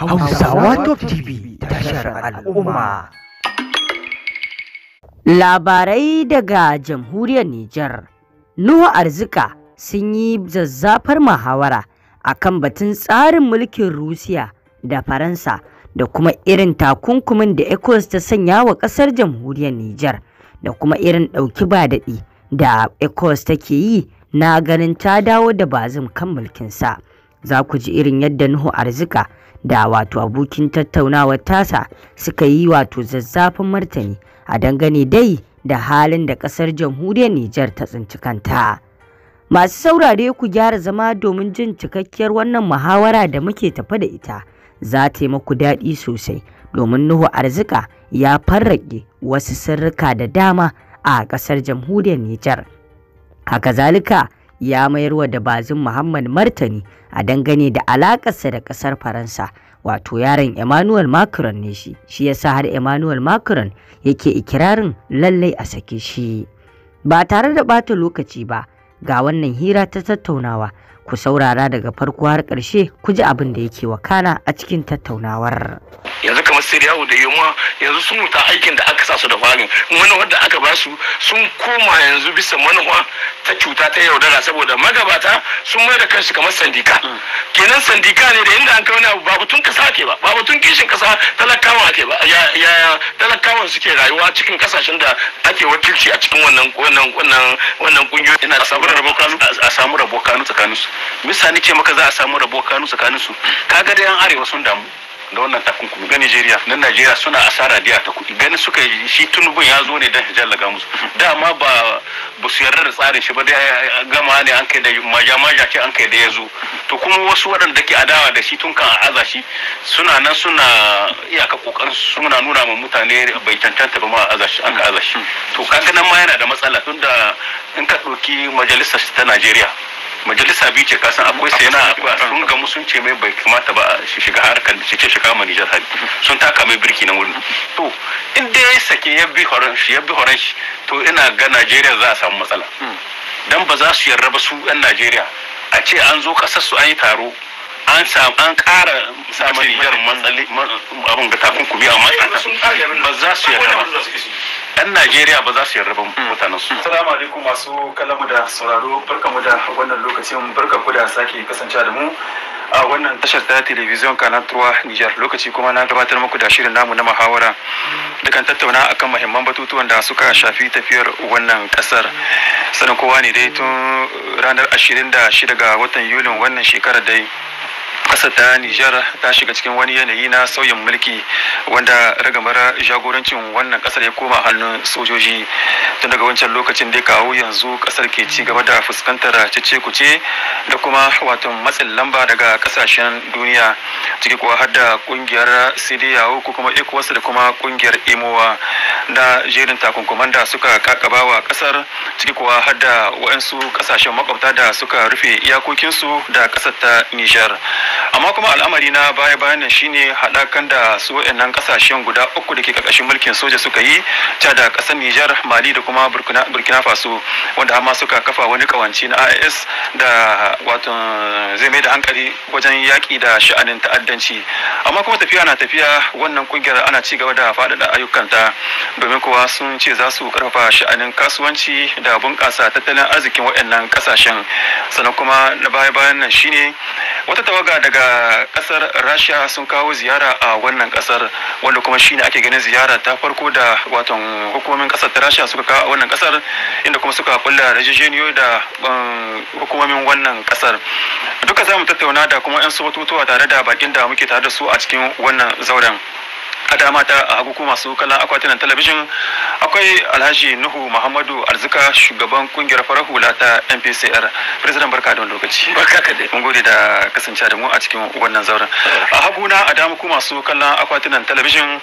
Hausawa Top TV tashar al'umma. Labarai daga jamhuriyar Nijar. Nuhu Arzika sun yi zazzafar muhawara a kan batun tsarin mulkin Rusiya da Faransa da kuma irin takunkumin da ECOWAS ta sanya wa ƙasar jamhuriyar Nijar da kuma irin ɗauki ba daɗi da ECOWAS take yi na ganin ta dawo da bazin kan mulkinsa. Za ku ji irin yadda Nuhu Arzika da wato abokin tattaunawar tasa suka yi wato zazzafin martani a dangane dai da halin da kasar jamhuriyar Nijar ta tsinci kanta. Masu saurare ku gyara zama domin jin cikakkiyar wannan muhawara da muke tafa da ita za ta yi maku daɗi sosai domin Nuhu Arzika ya farraƙe wasu sirrika da dama a ƙasar jamhuriyar Nijar. Haka zalika ya mayar da bazin Muhammad martani a dangane da alakarsa da ƙasar Faransa. Wato yaron Emmanuel Macron ne shi, shi yasa har Emmanuel Macron yake ikirarin lallai a sake shi. Ba tare da ɓata lokaci ba, ga wannan hira ta tattaunawa, ku saurara daga farko har ƙarshe ku ji abin da yake wakana a cikin tattaunawar. Yanzu sai da yamma yanzu sun wuta aikin da aka sa su da farin manufar da aka ba su sun koma yanzu bisa manufa ta cuta ta yaudara saboda magabata sun mai da kansu kamar sandika mm. kenan sandika ne da inda an kai wani abu ba batun kasa ke ba ba batun kishin kasa talakawa ke ba ya talakawan suke rayuwa cikin kasashen da ake wakilci a cikin wannan wannan wannan wannan kungiyoyi ina a samu rabo kanu a samu rabo kanu tsakaninsu misali ce maka za a samu rabo kanu tsakaninsu kaga da yan arewa sun damu da wannan takunkumi ga Najeriya na Najeriya suna asara biya ta kuɗi ganin suka shi tunubun ya zo ne dan jallaga musu dama ba ba su yarda da tsarin shi ba da gama ne an kai da majamaja ce an kai da ya zo to kuma wasu waɗanda ke adawa da shi tun kan aza shi suna nan suna iyaka kokarin suna nuna ma mutane bai cancanta ba ma aza shi an ka aza shi to kaga nan ma yana da matsala tunda in ka ɗauki majalisar ta Najeriya majalisa biyu ce kasan akwai sai na sun ga sun ce mai bai kamata ba shiga harkar da ce shiga ma hali sun taka mai birki na wurin to in dai ya sake ya bi horon shi ya bi horon shi to ina ga Najeriya za a samu matsala hmm. dan ba za su yarda ba su yan Najeriya a ce an zo kasar su an yi taro an samu an ƙara samun Nijar matsali abin ga takunkumi a matsala eh, ba za su yarda ba 'yan Najeriya ba za su yarda ba mm. mutanen su. Assalamu mm. alaikum masu kalamu da sauraro barkamu da wannan lokacin barkamu da sake kasancewa da mu a wannan tashar ta telebijin kanal turwa Nijar lokaci kuma na gabatar muku da shirin namu na muhawara da kan tattauna akan mahimman batutuwan da suka shafi tafiyar wannan kasar sanin kowa ne dai tun ranar 26 ga watan Yulin wannan shekarar dai Ƙasar ta Nijar ta shiga cikin wani yanayi na sauyin mulki wanda ragamar jagorancin wannan ƙasar ya koma hannun sojoji tun daga wancan lokacin da kawo yanzu kasar ke ci gaba da fuskantar cece kuce da kuma wato matsin lamba daga kasashen duniya ciki kuwa har da kungiyar CDAO ko kuma ECOWAS da kuma kungiyar EMOA da jerin takunkuman da suka kakabawa ƙasar ciki kuwa har da waɗansu kasashen makwabta da suka rufe iyakokinsu da ƙasar ta Nijar. amma kuma al'amari na baya bayan nan shine haɗakan da su waɗannan ƙasashen guda uku da ke ƙarƙashin mulkin soja suka yi ta da ƙasar Nijar Mali da kuma Burkina Faso wanda amma suka kafa wani kawanci na IS da wato zai mai da hankali wajen yaƙi da sha'anin ta'addanci amma kuma tafiya na tafiya wannan kungiyar ana ci gaba da faɗaɗa ayyukanta domin kuwa sun ce za su ƙarfafa sha'anin kasuwanci da bunƙasa tattalin arzikin waɗannan ƙasashen sannan kuma na baya bayan nan shine wata tawaga tawaga daga kasar Rasha sun kawo ziyara a wannan kasar wanda kuma shine ake ganin ziyara ta farko da watan hukumomin kasar ta Rasha suka kawo a wannan kasar inda kuma suka kulla rajajeniyo da um, hukumomin wannan kasar. Duka za mu tattauna da kuma 'yan su batutuwa tare da bakin da muke tare da su a cikin wannan zauren. a dama ta a hagu masu kallon akwatinan talabijin akwai alhaji nuhu muhammadu arzika shugaban kungiyar farar hula ta npcr president barka don lokaci barka ka dai mun gode da kasance da mu a cikin wannan zauren a hagu na a dama masu kallon akwatinan talabijin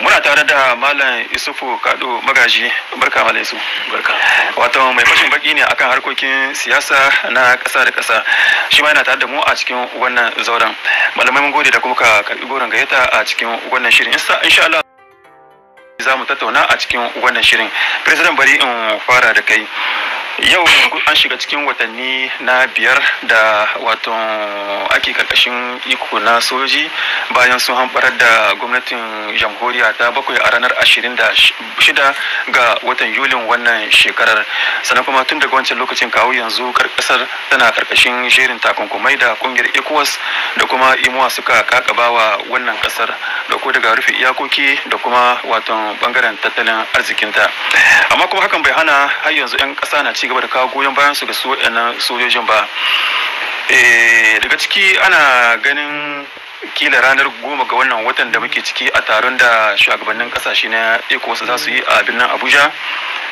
muna tare da malam isufu kado magaji barka malam isu barka wato mai fashin baki ne akan harkokin siyasa na kasa da kasa shi ma yana tare da mu a cikin wannan zauren malamai mun gode da kuma ka karbi goron gayyata a cikin wannan shirin sa insha Allah za mu tattauna a cikin wannan shirin president bari in fara da kai yau an shiga cikin watanni na biyar da wato ake karkashin iko na soji bayan sun hamfarar da gwamnatin jamhuriya ta bakwai a ranar 26 ga watan yulin wannan shekarar sannan kuma tun daga wancan lokacin kawo yanzu karkasar tana karkashin jerin takunkumai da kungiyar ecowas da kuma imuwa suka kakabawa wannan kasar da ko daga rufe iyakoki da kuma wato bangaren tattalin arzikinta amma kuma hakan bai hana har yanzu 'yan ƙasa na ci gaba da kawo goyon bayan su ga su waɗannan sojojin ba eh, daga ciki ana ganin kila ranar goma ga wannan watan da muke ciki a taron da shugabannin kasashe na ecowas za su yi a birnin abuja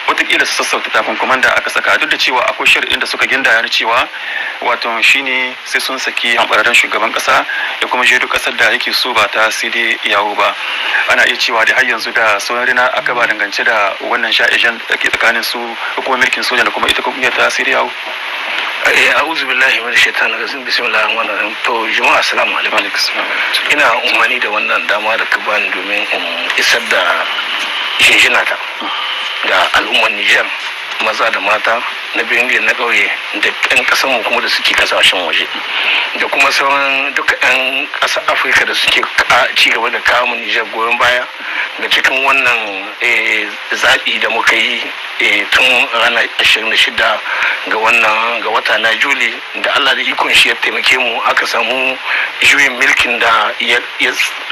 watakila su sassauta takunkuman da aka saka duk da cewa akwai shari'in da suka gindaya na cewa wato shine sai sun saki hambararren shugaban kasa da kuma jeru kasar da yake so ba ta sai yawo ba ana iya cewa da har yanzu da sauran rina aka ba dangance da wannan sha'ijan da ke tsakanin su hukumar mulkin soja da kuma ita kungiyar ta sai yawo eh, a'udhu billahi min shaitanir rajim bismillahir rahmanir rahim to jama'a assalamu alaikum ina umarni da wannan dama da ka bani domin in isar da shinshina ta mm. da al'ummar Nijar maza da mata na birnin na ƙauye da 'yan ƙasar mu kuma da suke kasashen waje da kuma sauran duka 'yan ƙasar afirka da suke ci gaba da kawo nijar goyon baya ga cikin wannan eh, zaɓi da muka yi eh, tun ranar 26 ga wannan ga wata na juli da allah da ikon shi ya taimake mu aka samu juyin milkin da ya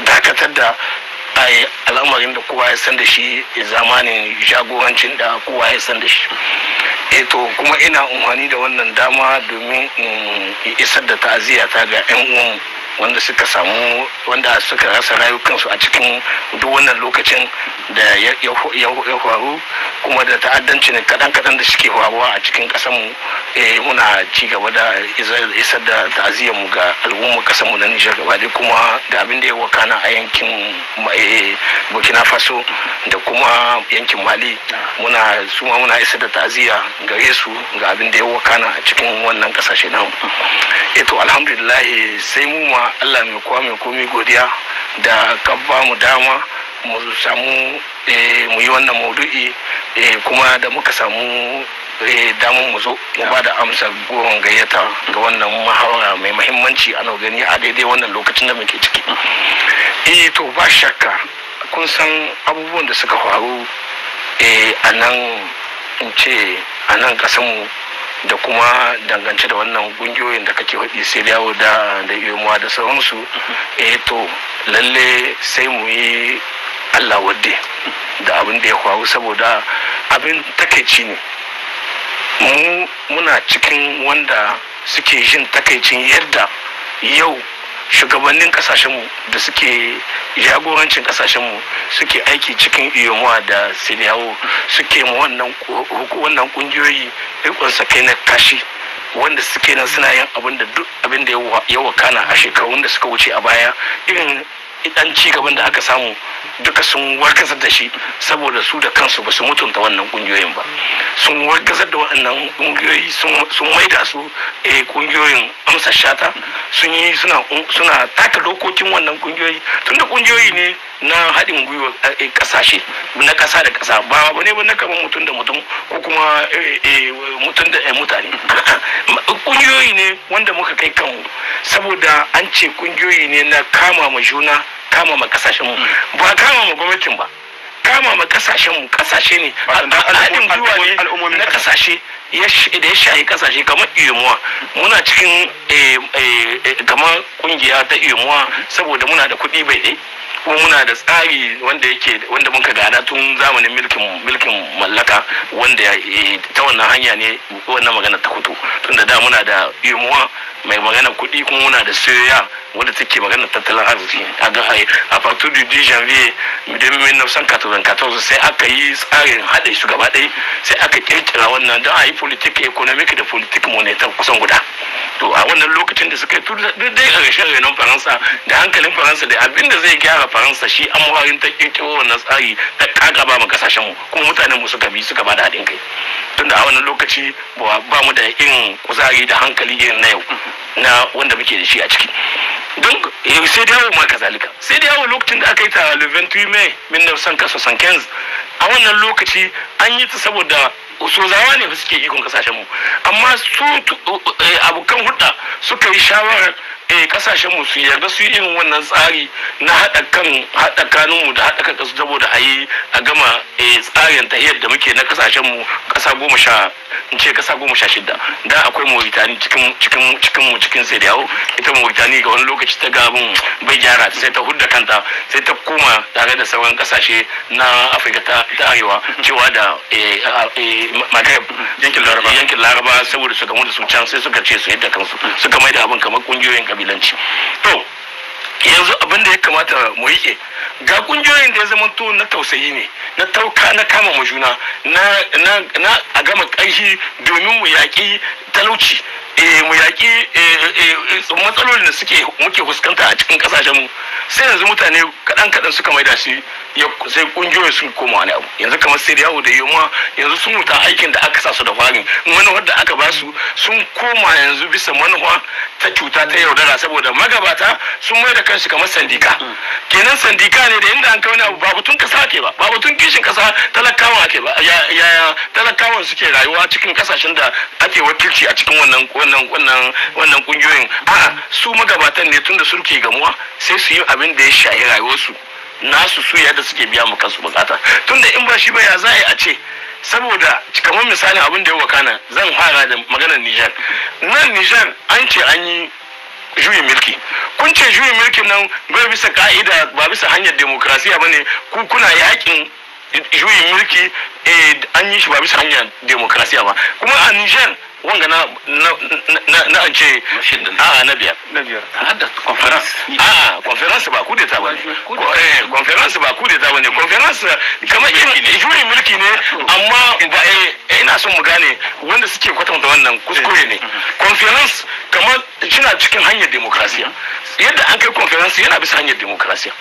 dakatar da al'amarin da kowa ya san da shi zamanin jagorancin da kowa ya san da shi eto eh kuma ina umarni da wannan dama domin in isar da ta'aziyya ga 'yan uwan wanda suka samu wanda suka rasa rayukansu a cikin duk wannan lokacin da ya faru kuma da ta'addanci ne kadan kadan da suke faruwa a cikin e muna ci gaba da isar da ta'aziyar mu ga al'ummar mu na Nijar gaba da kuma da abin da ya wakana a yankin eh, Burkina Faso da kuma yankin Mali muna suma muna isar da ta'aziyya gare su ga abin da ya wakana a cikin wannan kasashe namu. Eto eh, alhamdulillah sai mu ma allah mai kowa mai komi godiya da ka ba mu dama mu samu eh, mu yi wannan maudu'i eh, kuma da muka samu eh, damar mu zo mu ba da amsa goron gayyata ga wannan mahawara mai mahimmanci a gani a daidai wannan lokacin da muke ciki eh to ba shakka kun san abubuwan da suka faru a nan ce a nan kasanmu da kuma dangance da wannan kungiyoyin da kake hudi sai yawo da da yomuwa da sauransu eh to lalle sai mu yi Allah wadde da abin da ya kwawo saboda abin takaici ne mu muna cikin wanda suke jin takaicin yadda yau shugabannin kasashenmu da suke jagorancin kasashenmu suke aiki cikin iyomuwa da siniyawo suke mu wannan kungiyoyi rikon sakai na kashi wanda suke nan suna yin abin da duk abin da ya wakana a shekarun da suka wuce a baya irin idan ci gaban da aka samu duka sun warkasar da shi saboda su da kansu ba su mutunta wannan kungiyoyin ba sun wargazar da waɗannan ƙungiyoyi sun maida su eh, ƙungiyoyin amsa shata sun yi suna taka dokokin wannan ƙungiyoyi tunda ƙungiyoyi ne na haɗin gwiwa eh, ƙasashe na ƙasa da ƙasa ba ba ne wani na kamar mutum da mutum ko kuma eh, mutum da mutane ƙungiyoyi ne wanda muka kai kanmu saboda an ce ƙungiyoyi ne na kama ma juna kama ma mu ba kama ma gwamnatin ba kama ma kasashen mu kasashe ne al'adin gwiwa ne na kasashe da ya shahi kasashe kamar iyamuwa muna cikin eh, eh, eh, kamar kungiya ta iyamuwa saboda muna da kuɗi bai ko muna da tsari wanda yake wanda muka gada tun zamanin milkin milkin mallaka wanda eh, ta wannan hanya ne wannan magana ta fito tunda da muna da yumuwa mai magana kuɗi kuma muna da soyayya wadda take magana tattalin arziki a ga a partir du 10 janvier 1994 sai aka yi tsarin haɗe su gaba ɗaya sai aka kirkira wannan don a yi politik economic da politik monetar kusan guda to a wannan lokacin da suka yi duk dai a rashin renon faransa da hankalin faransa da abinda zai gyara faransa shi an wayin ta kirkiro wannan tsari ta kagaba ma kasashen mu kuma mutanen mu suka bi suka bada haɗin kai tunda a wannan lokaci ba mu da irin kuzari da hankali irin na yau na wanda muke da shi a ciki don eh, sai da yawo ma kazalika sai da yawo lokacin da aka yi ta le 28 mai 1975 a wannan lokaci an yi ta saboda sojawa ne suke ikon kasashen amma su eh, eh, abokan hudda suka yi shawarar eh su yarda su yi wannan tsari na haɗa kan hada kanun da haɗa kan kasu saboda ayi a gama eh, tsarin ta da muke na kasashen mu kasa goma sha in ce kasa goma sha shida da akwai Mauritani cikin cikin cikin mu cikin sai da yawo ita Mauritani ga wani lokaci ta gabin bai gyara sai ta hudda kanta sai ta koma tare da sauran kasashe na Afirka ta arewa cewa da maghreb yankin laraba yankin laraba saboda su gamu da su can sai suka ce su yadda kansu suka mai da abin kamar kungiyoyin kabilanci to yanzu abin da ya kamata mu rike ga kungiyoyin da ya zama to na tausayi ne na tauka na kama mu juna na a gama ƙarfi domin mu yaƙi talauci Eh, mu yaƙi eh, eh, matsalolin da suke muke fuskanta a cikin kasashenmu sai yanzu mutane kaɗan kaɗan suka maida shi sai ƙungiyoyin sun koma wani abu yanzu kamar sai yawo da yamma yanzu sun mutu aikin da aka sa su da farin manufar da aka ba su sun koma yanzu bisa manufa ta cuta ta yaudara saboda magabata sun mai da kansu kamar sandika mm. kenan sandika ne da inda an kai wani abu ba batun kasa ke ba ba batun kishin kasa talakawa ke ba yaya talakawan suke rayuwa cikin kasashen da ake wakilci a cikin wannan wannan wannan wannan kungiyoyin a su magabatan ne tunda suke gamuwa sai su yi abin da ya shahi rayuwarsu nasu su yadda suke biya mu kansu bukata tunda in ba shi ba ya za a ce saboda kamar misalin abin da ya wakana zan fara da maganar Nijar nan Nijar an ce an yi juyin mulki kun ce juyin mulki nan ba bisa ka'ida ba bisa hanyar demokrasiya bane ku kuna yakin juyin mulki eh, an yi shi ba bisa hanyar demokrasiya ba kuma a Nijar wanga na na an ce a na biyar conference ba kudeta ta bane eh, conference ba kudeta ta bane conference kamar juyin mulki ne amma ba eh, eh, ina son mu gane wanda suke kwatanta wannan kuskure ne mm-hmm. conference kamar suna cikin hanyar demokrasiya mm-hmm. yadda an kai conference yana bisa hanyar demokrasiya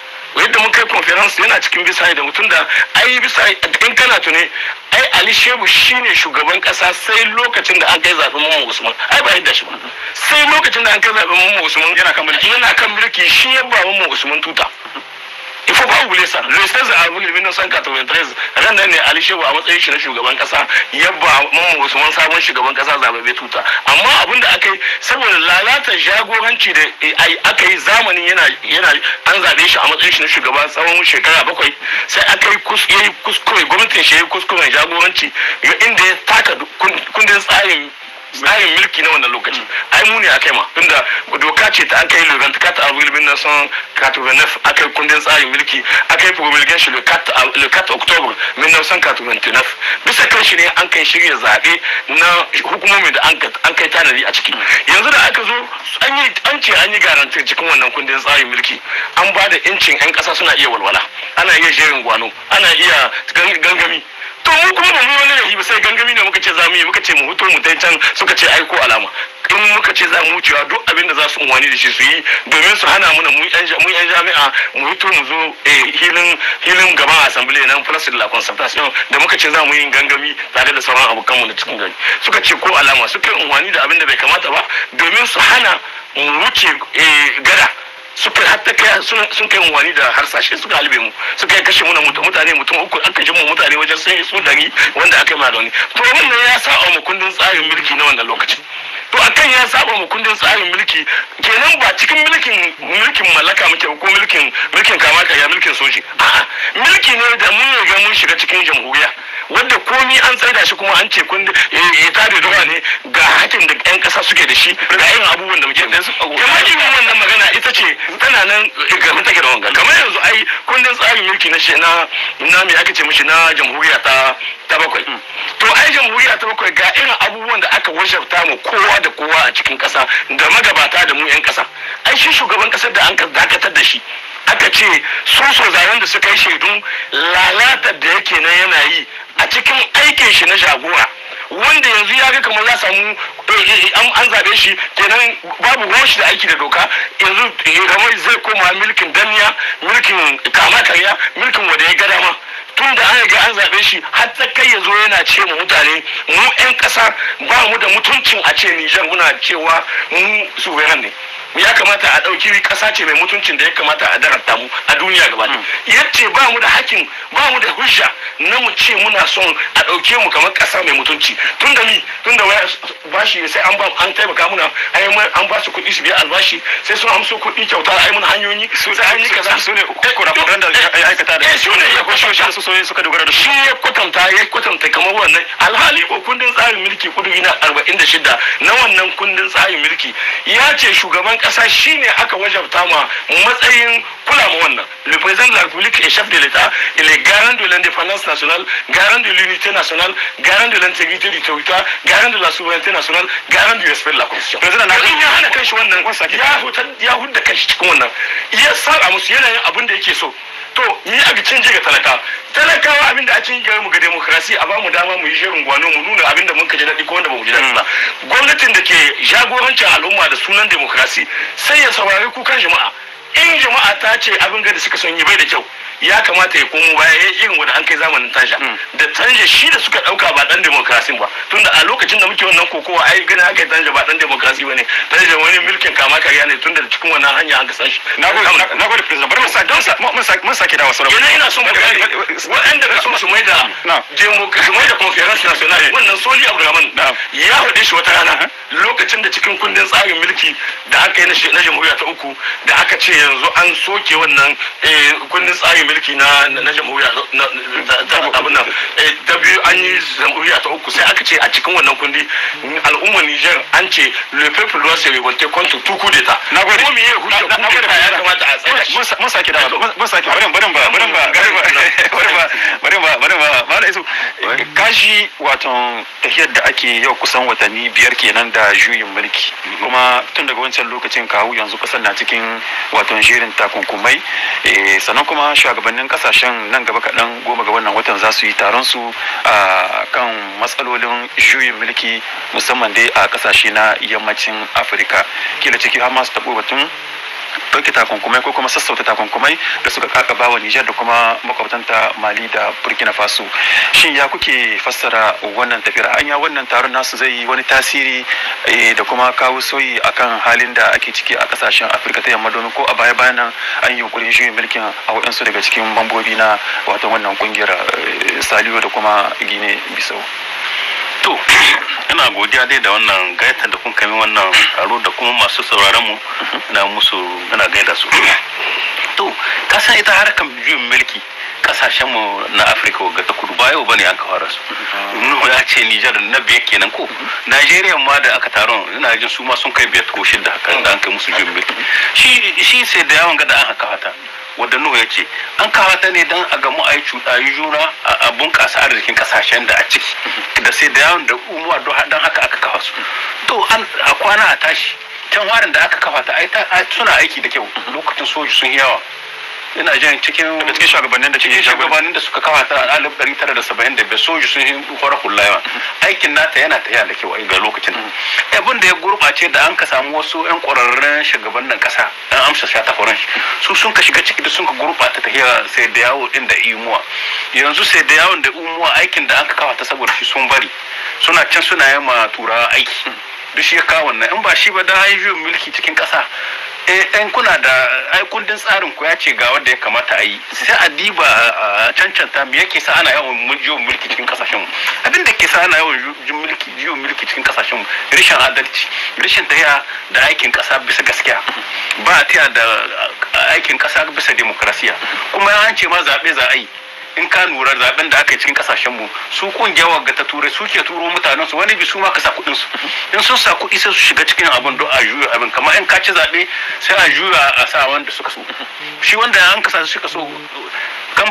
yadda mun kai conference yana cikin bisa da mutum da ai bisa in kana tuni ai ali shehu shine shugaban kasa sai lokacin da an kai zaben mamman usman ai ba yadda shi ba sai lokacin da an kai zaben mamman usman yana kan mulki yana kan mulki shi ya ba mamman usman tuta il faut pas oublier ça le 16 avril 1993 ran nan ne Ali Shehu a matsayin shi na shugaban kasa yabba ba Mamman sabon shugaban kasa zababe tuta amma abin da aka yi saboda lalata jagoranci da aka yi zamanin yana yana an zabe shi a matsayin shi na shugaba tsawon shekara bakwai sai aka yi kuskure gwamnatin shi ya yi kuskuren jagoranci inda ya taka kundin tsarin tsarin mulki na wannan lokaci ai mu ne kai ma tunda doka ce ta aka yi le 24 avril 1989 aka yi kundin tsarin mulki aka yi promulgation le 4 octobre 1989 bisa kan shi ne an kai shirya zaɓe na hukumomin da an kai tanadi a ciki yanzu da aka zo an ce an yi garanti cikin wannan kundin tsarin mulki an ba da incin 'yan ƙasa suna iya walwala ana iya jerin gwano ana iya gangami to mun kuma ba mu wani rahi ba sai gangami ne muka ce za mu yi muka ce mu huto mu dai can suka ce aiko alama in muka ce za mu wucewa duk abin da za su unwani da shi su yi domin su hana muna mun yan jami'a mu hito mu zo eh, hilin hilin gaban assembly nan plus la da muka ce za mu yi gangami tare da sauran abokan mu da cikin gari suka ce ko alama suka yi unwani da abin da bai kamata ba domin su hana mu wuce eh, gada suka hatta kai sun kai wani da harsashe suka halibe mu suka kashe muna mutane mutum uku an kashe mu mutane wajen sai su dari wanda aka yi ma da wani to wannan ya sa mu kundin tsarin mulki na wannan lokacin to a kan ya saba mu kundin tsarin mulki kenan ba cikin mulkin mulkin mallaka muke ko mulkin mulkin kama karya mulkin soji a mulki ne da mun riga mun shiga cikin jamhuriya wanda komi an tsaida shi kuma an ce kun ya tada doka ne ga hakin da yan kasa suke da shi ga irin abubuwan da muke da su kamar irin wannan magana ita ce tana nan mun take da wanga kamar yanzu ai kundin tsarin mulki na na na me aka ce mishi na jamhuriya ta ta bakwai mm. to ai jamhuriya ta bakwai ga irin abubuwan da aka wajabta mu kowa da kowa a cikin ƙasa da magabata da mu 'yan ƙasa ai shi shugaban kasar da an dakatar da shi aka ce su sozayen da suka yi shaidun lalata da yake na yana yi a cikin aikin shi na jagora wanda yanzu ya ga kamar za samu eh, eh, eh, an zaɓe shi kenan babu ruwan shi da aiki da doka yanzu kamar zai koma milkin danya milkin kama karya milkin wada ya ga dama tun da an riga an zaɓe shi har ta kai ya zo yana ce mu mutane mu 'yan ƙasa ba mu da mutuncin a ce Nijar muna cewa mu suveran ne ya kamata a ɗauki ƙasa ce mai mutuncin da ya kamata a daranta mu a duniya gaba hmm. yace ba mu da hakin ba mu da hujja na mu ce muna son a ɗauke mu kamar ƙasa mai mutunci tun da ni tun da bashi sai an ba an taimaka muna an ba su kuɗi su biya albashi sai sun amso kuɗi kyauta a mun hanyoyi sai an yi kaza su ne eh, kurakuran da eh, ya aikata da eh, su ne ya kwashe su soyayya suka dogara da shi ya kwatanta ya kwatanta kamar wannan alhali ko kundin tsarin mulki kudu na shida na wannan kundin tsarin mulki ya ce shugaban kasa shine aka wajabta ma matsayin kula ma wannan le président de la république et chef de l'état et les garant de l'indépendance nationale garant de l'unité nationale garant de l'intégrité du territoire garant de la souveraineté nationale garant du respect de la constitution president na ya hana kanshi wannan ya hutar ya hudda kanshi cikin wannan ya saba musu yanayin abin da yake so to ni a bikin ga talaka talakawa abinda a cikin gari mu ga demokrasi a ba mu dama mu yi shirin gwano mu nuna abinda mun ka ji daɗi ko wanda ba mu ji daɗi ba gwamnatin da ke jagorancin al'umma da sunan demokrasi sai ya saurari kukan jama'a in jama'a ta ce abin da suka son yi bai da kyau ya kamata ya komo baya ya irin wanda an kai zamanin tasha. Mm. da tanja shi da suka dauka ba dan demokrasi ba tunda a lokacin da muke wannan kokowa ai gani aka yi tanja ba dan demokrasi bane tanja wani mulkin kama karya ne tunda da cikin wannan hanya an ka san shi gode president bari mun sake dawo sauran kenan ina son ku gane waɗanda ka so su mai da mm. demokrasi mai da conference national eh. wannan soli abdulrahman ya hade shi wata rana uh-huh. lokacin da cikin kundin tsarin mulki da aka yi na jamhuriya ta uku da aka ce yanzu an soke wannan eh, kundin tsarin mulki na na jamhuriya na abin nan da biyu an yi jamhuriya ta uku sai aka ce a cikin wannan kundi al'ummar Niger an ce le peuple doit se révolter contre tout coup d'état na gode mu yi hujja na gode ya kamata a tsaya shi mun sake da mun sake bari bari ba bari ba bari ba bari ba bari ba mala isu kashi waton tahiyar da ake yau kusan watanni biyar kenan da juyin mulki kuma tun daga wancan lokacin kawo yanzu kasar na cikin wato jerin takunkumai sannan kuma shugabannin kasashen nan gaba kaɗan goma ga wannan watan za su yi taron su a kan matsalolin shuyin mulki musamman dai a kasashe na yammacin afirka kila ciki har masu taɓo batun ɗauke takunkumai ko kuma sassauta takunkumai da suka kakaba wa Nijar da kuma makwabtanta Mali da Burkina Faso. Shin ya kuke fassara wannan tafiyar hanya wannan taron nasu zai yi wani tasiri eh, da kuma kawo soyi akan halin da ake ciki a kasashen Afirka ta yamma domin ko a baya bayan nan an yi yunkurin juyin mulkin a waɗansu daga cikin mambobi na wato wannan kungiyar eh, Saliyo da kuma Gine Bisau. to ina godiya dai da wannan gaita da kun kami wannan aro da kuma masu sauraron mu ina musu ina gaida su to ka san ita harkar juyin mulki kasashen mu na afirka ga ta kudu ba yau bane an ka fara su nuhu ya ce nijar na biyar kenan ko najeriya ma da aka taron ina jin su ma sun kai biyar ko shida da an kai musu juyin mulki shi sai da yawan gada an haka fata wadda nuhu ya ce an kawo ne don a gamu a yi cuɗayi juna a bunƙasa arzikin ƙasashen da a ciki da sai da yawon da umuwa don haka aka kafa su to a kwana a tashi can warin da aka kafa ta suna aiki da kyau lokacin soji sun yawa yana jin cikin cikin shugabannin da cikin shugabannin da suka kawo ta alif ɗari tara da saba'in da bai soji sun yi kwarar kullawa aikin nata yana tafiya da kyau ga lokacin abin da ya gurɓace da an ka samu wasu yan ƙwararren shugabannin ƙasa an amsa sha shi. su sun ka shiga ciki da sun ka gurɓata tafiya sai da yawo ɗin da imuwa yanzu sai da yawon da imuwa aikin da an ka kawo ta saboda shi sun bari suna can suna yi ma turawa aiki duk shi ya kawo wannan in ba shi ba da hayi mulki cikin ƙasa in eh, kuna da ai kundin tsarin ku ya ce ga wanda ya kamata a yi sai a diba a cancanta me yake sa ana yawan jiwon mulki cikin kasashen mu abin da ke sa ana yawan jiwon mulki cikin kasashen mu rashin adalci rashin tafiya da aikin kasa bisa gaskiya ba a taya da aikin kasa bisa demokrasiya kuma an ce ma zaɓe za a yi in ka lura zaben da aka yi cikin kasashen mu su kungiyar ga ta turai su ke turo mutanen su wani bi su ma ka sa kudin su in sun sa kuɗi sai su shiga cikin abin don a juya abin kamar in ka ci zaɓe sai a juya a sa wanda suka so shi wanda an kasa suka so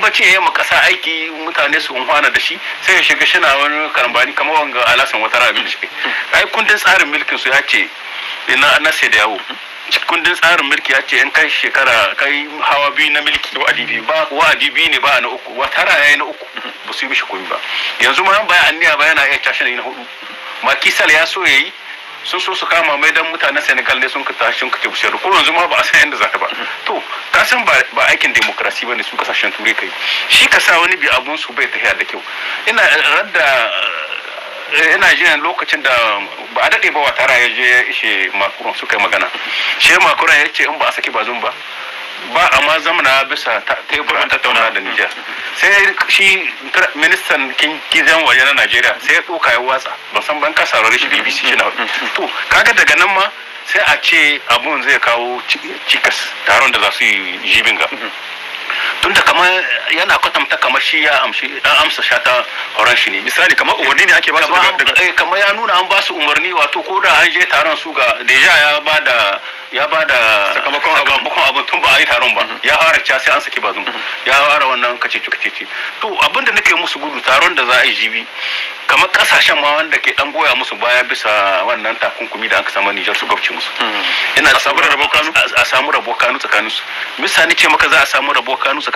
bace ya ma kasa aiki mutane su unhwana da shi sai ya shiga shi na wani karambani kamar wanga alasan wata rabin shi ai kundin tsarin mulkin su ya ce na sai da yawo kundin tsarin mulki ya ce in kai shekara kai hawa biyu na mulki wa'adi biyu ba wa biyu ne ba na uku wa tara yayi na uku ba su yi mishi ba yanzu ma baya anniya ba yana iya tashi na hudu makisal ya so yayi sun so su kama mai dan mutanen senegal ne sun ka tashi sun ka ce bushe ko yanzu ma ba a san yadda za ta ba to ka san ba aikin demokrasi ba ne sun kasashen turai kai shi ka sa wani bi abun su bai tafiya da kyau ina radda Eh, ina jiran lokacin da ba a daɗe ba wa tara ya je ya ishe makuran su kai magana shi makuran ya ce in ba a saki bazun ba ba a ma zamana bisa tebura an tattauna da Nijar sai shi ministan gidan waje na Najeriya sai ya tsoka ya watsa ba san ban kasa rari shi BBC shi na to kaga daga nan ma sai a ce abun zai kawo cikas taron da za su yi jibin ga tunda kamar yana kwatanta kamar shi ya amshi dan amsa shata horon shi ne misali kamar umarni ne ake ba su daga eh, kamar ya nuna an ba su umarni wato ko da an je taron su ga deja ya ba da ya ba da sakamakon abin tun ba a yi taron ba mm-hmm. ya fara ca sai an saki bazum mm-hmm. ya fara wannan kacece ce to abinda nake musu gudu taron da za a yi jibi kamar kasashen ma wanda ke dan goya musu baya bisa wannan takunkumi da aka sama Nijar su gwabce musu mm-hmm. ina a samu rabo kanu a samu rabo kanu su misali ce maka za a samu rabo kanu su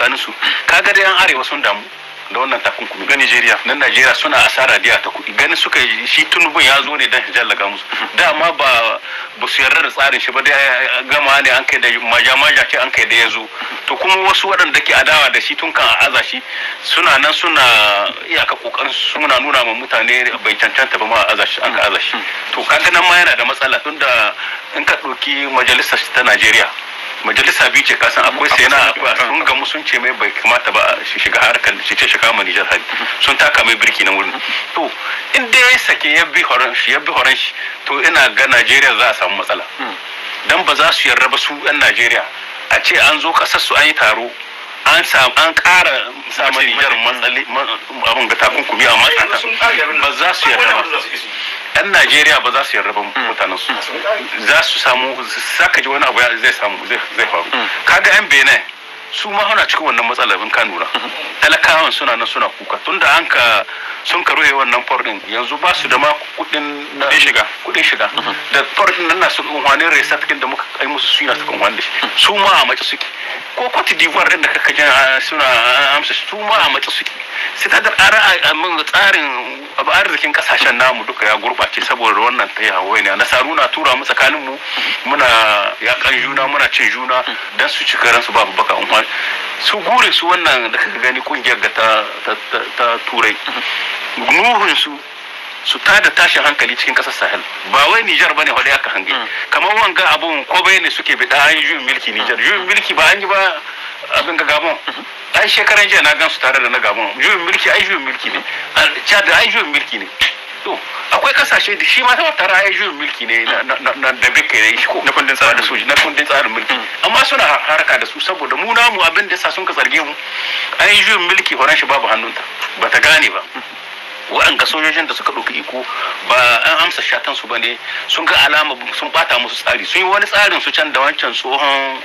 kaga da yan arewa sun damu da wannan takunkumi ga Nigeria na Nigeria suna asara biya ta kuɗi ganin suka shi tunubun ya zo ne dan jallaga musu dama ba ba su yarda da tsarin shi ba dai gama ne an kai da majamaja ce an kai da ya zo to kuma wasu waɗanda ke adawa da shi tun kan a aza shi suna nan suna iyaka kokarin suna nuna ma mutane bai cancanta ba ma aza shi an ka aza shi to kaga nan ma yana da matsala tunda in ka ɗauki majalisar ta Nigeria majalisa biyu ce kasan akwai sai na sun gamu sun ce mai bai kamata ba shi shiga harkar shi ce shiga mai Nijar hari mm-hmm. sun taka mai birki na wurin mm-hmm. to in dai ya sake ya bi horon shi ya bi horon shi to ina ga Najeriya za a samu matsala mm. dan ba za su yarda ba su yan Najeriya a ce an zo kasar su an yi taro an an ƙara samun Nijar matsali abin ga takunkumi a matsala ba za su yarda ba 'yan najeriya ba za su yarda ba hmm. mutanen su hmm. za su samu za ka ji wani abu zai samu zai faru hmm. kaga 'yan benin su ma suna cikin wannan matsalar bin ka nura talakawan suna nan suna kuka tunda an ka sun ka ruhe wannan fordin yanzu ba su da ma kudin shiga kudin shiga uh-huh. da fordin nan na su unhwanin resa cikin da muka kai musu suna su unhwan da shi uh-huh. su ma a mace suke ko cote d'ivoire din da kaka jan suna amsa su ma a mace suke sai ta da min tsarin arzikin kasashen namu duka ya gurbace saboda wannan ta yawo ne nasaru na tura mu tsakanin mu uh-huh. muna yakan juna muna cin juna dan su ci karansu babu baka ma su gure su wannan da kaka gani kungiyar ga ta turai nuhun su su ta da tashin hankali cikin kasar sahel ba wai nijar bane wadai aka hange hmm. kamar wanga abun ko bai ne suke bida an yi juyin milki nijar hmm. juyin milki ba an yi ba abin ga gabon hmm. ai shekaran jiya na gan su tare da na gabon juyin milki ai juyin milki ne chad ai juyin milki ne to akwai kasashe da shi ma sama tara ya juyin mulki ne na da bai kai shi na kundin tsarin soji na kundin tsarin mulki mm. amma suna harka da su saboda mu namu abin da yasa sun ka zarge mu an yi juyin mulki horon shi babu hannunta ta gane ba mm. waɗanda sojojin da suka ɗauki iko ba an amsa shatan su bane sun ga alama sun bata musu tsari sun yi wani tsarin su can da wancan tsohon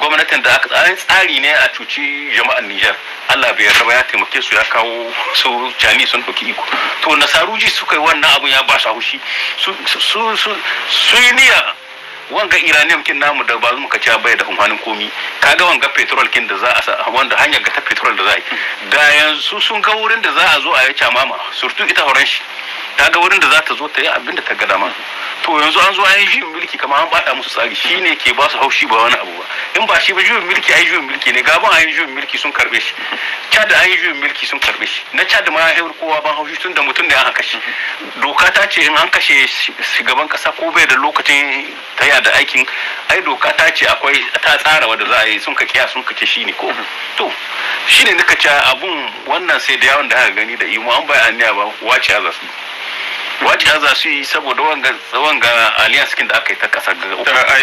gwamnatin da aka tsari tsari ne a cuci jama'an Nijar Allah bai yarda ba ya taimake su ya kawo su cani sun ɗauki iko to nasaruji suka yi wannan abun ya ba su haushi su su su yi niyya wanga iranium kin namu da ba mu kaci bai da amfanin komi kaga wanga petrol kin da za a sa wanda hanyar ga ta petrol da za a yi da yanzu sun ga wurin da za a zo a yi ma surtu ita horon shi ta ga wurin da za ta zo ta yi abin da ta gada dama to yanzu an zo an yi juyin mulki kamar an bada musu tsari shi ne ke ba su haushi ba wani abu ba in ba shi ba juyin mulki a yi juyin mulki ne gaban an yi juyin mulki sun karbe shi chad an yi juyin mulki sun karbe shi na da ma ya kowa ban haushi tun da mutum da an kashe doka ta ce in an kashe shugaban kasa ko bai da lokacin taya da aikin ai doka ta ce akwai ta tsara wanda za a yi sun ka kiya sun ka ce shi ne ko to shi ne nika ce abun wannan sai da yawon da aka gani da imu an bai ba wace za su wace za su yi saboda wanga alliance kin da aka yi ta kasar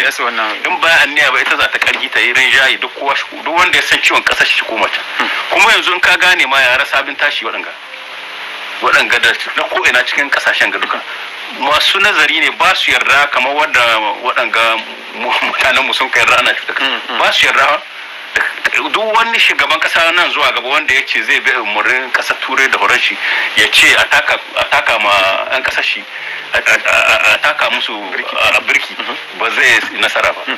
IS wannan in ba anniya ba ita za ta kargi ta yi rinjaye duk kowa shi duk wanda ya san ciwon kasar shi ko mata hmm. kuma yanzu in ka gane ma yara sabin tashi waɗanga waɗanga da na ko ina cikin kasashen ga duka masu nazari ne ba su yarda kamar wadda waɗanga mutanen mu sun kai rana cuta hmm, hmm. ba su yarda duk wani shugaban kasa nan zuwa gaba wanda ya ce zai bi umarnin kasar turai da horon shi ya ce a taka ma yan kasar shi a taka musu a birki mhm. ba zai nasara ba mhm.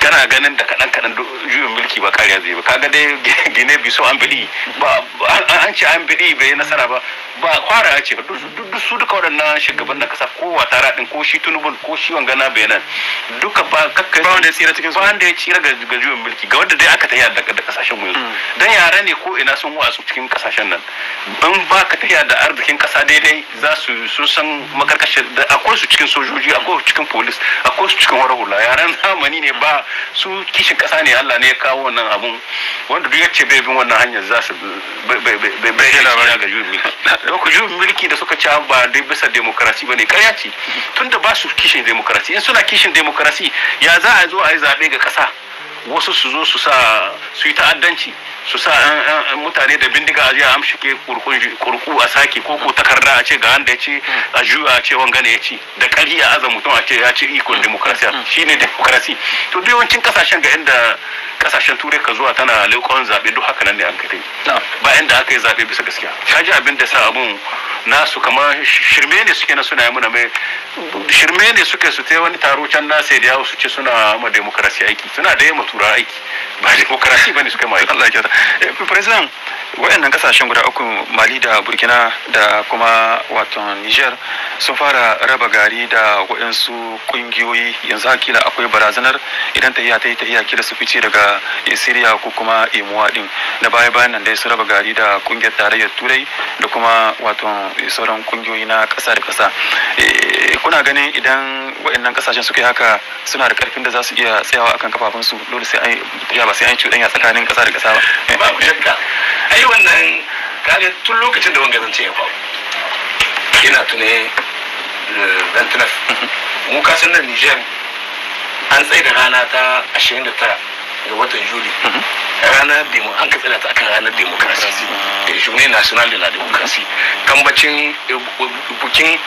kana ganin da kaɗan kaɗan juyin mulki ba kariya zai ba kaga dai gine biso an bidi ba an ce an bidi bai nasara ba ba kwara ce ba duk su duka waɗannan shugaban na kasa kowa tara din ko shi tunubun ko shi wangana nan duka ba kakkai ba wanda ya tsira cikin su ba wanda ya tsira ga juyin mulki ga wanda dai aka yadda da kasashen mu hmm. dan yara ne ko ina sun wasu cikin kasashen nan in ba ka ta da arzikin kasa daidai za su sun san makarkashin akwai su cikin sojoji akwai su cikin polis akwai su cikin warhula yaran zamani ne ba su kishin kasa ne Allah ne ya kawo wannan abun wanda duk yace bai bin wannan hanyar za su bai bai bai bai ga juyin mulki doku juyin mulki da suka ci ba dai bisa demokrasi bane karya ce tunda ba su kishin demokrasi in suna kishin demokrasi ya za a zo a yi zabe ga kasa wasu su zo su sa su yi ta'addanci su sa mutane da bindiga a jiya amshike kurku a sake ko ko takarda a ce ga wanda ya ce a juya a ce wanga ne ya ci da kari a aza mutum a ce ya ce ikon demokrasiya mm. ne demokrasi to duk yawancin kasashen ga inda kasashen turai ka zuwa tana leƙon zaɓe duk haka nan ne an kai ba inda aka yi zaɓe bisa gaskiya ka ji abin da sa abun nasu kamar shirme ne suke na suna yi muna mai shirme ne suke su tai wani taro can na sai da yawo su ce suna ma demokrasi aiki suna da yamma tura aiki ba demokrasi ne suka ma aiki Allah ya eh, president wayannan kasashen guda uku Mali da Burkina da kuma wato Niger sun fara raba gari da waɗansu kungiyoyi yanzu hakila akwai barazanar idan tahiya ta yi tahiya kila su fice daga eh, Syria ko kuma Imuwa din da baya bayan nan dai su raba gari da kungiyar tarayyar Turai da kuma wato sauran kungiyoyi na ƙasa da ƙasa eh, kuna ganin idan waɗannan ƙasashen suka yi haka suna da ƙarfin da za su iya tsayawa akan kafafunsu dole sai an ya ba sai an cuɗanya tsakanin ƙasa da ƙasa ba eh, babu shakka ai wannan kare tun lokacin da wanga zance ya faru ina tuni dan tunaf mu kasan nan Niger an tsaye da rana ta 29 ga watan juli mhm. ranar demo an ka ta akan ranar demokrasi eh, journée national de la demokrasi tambacin eh, bukin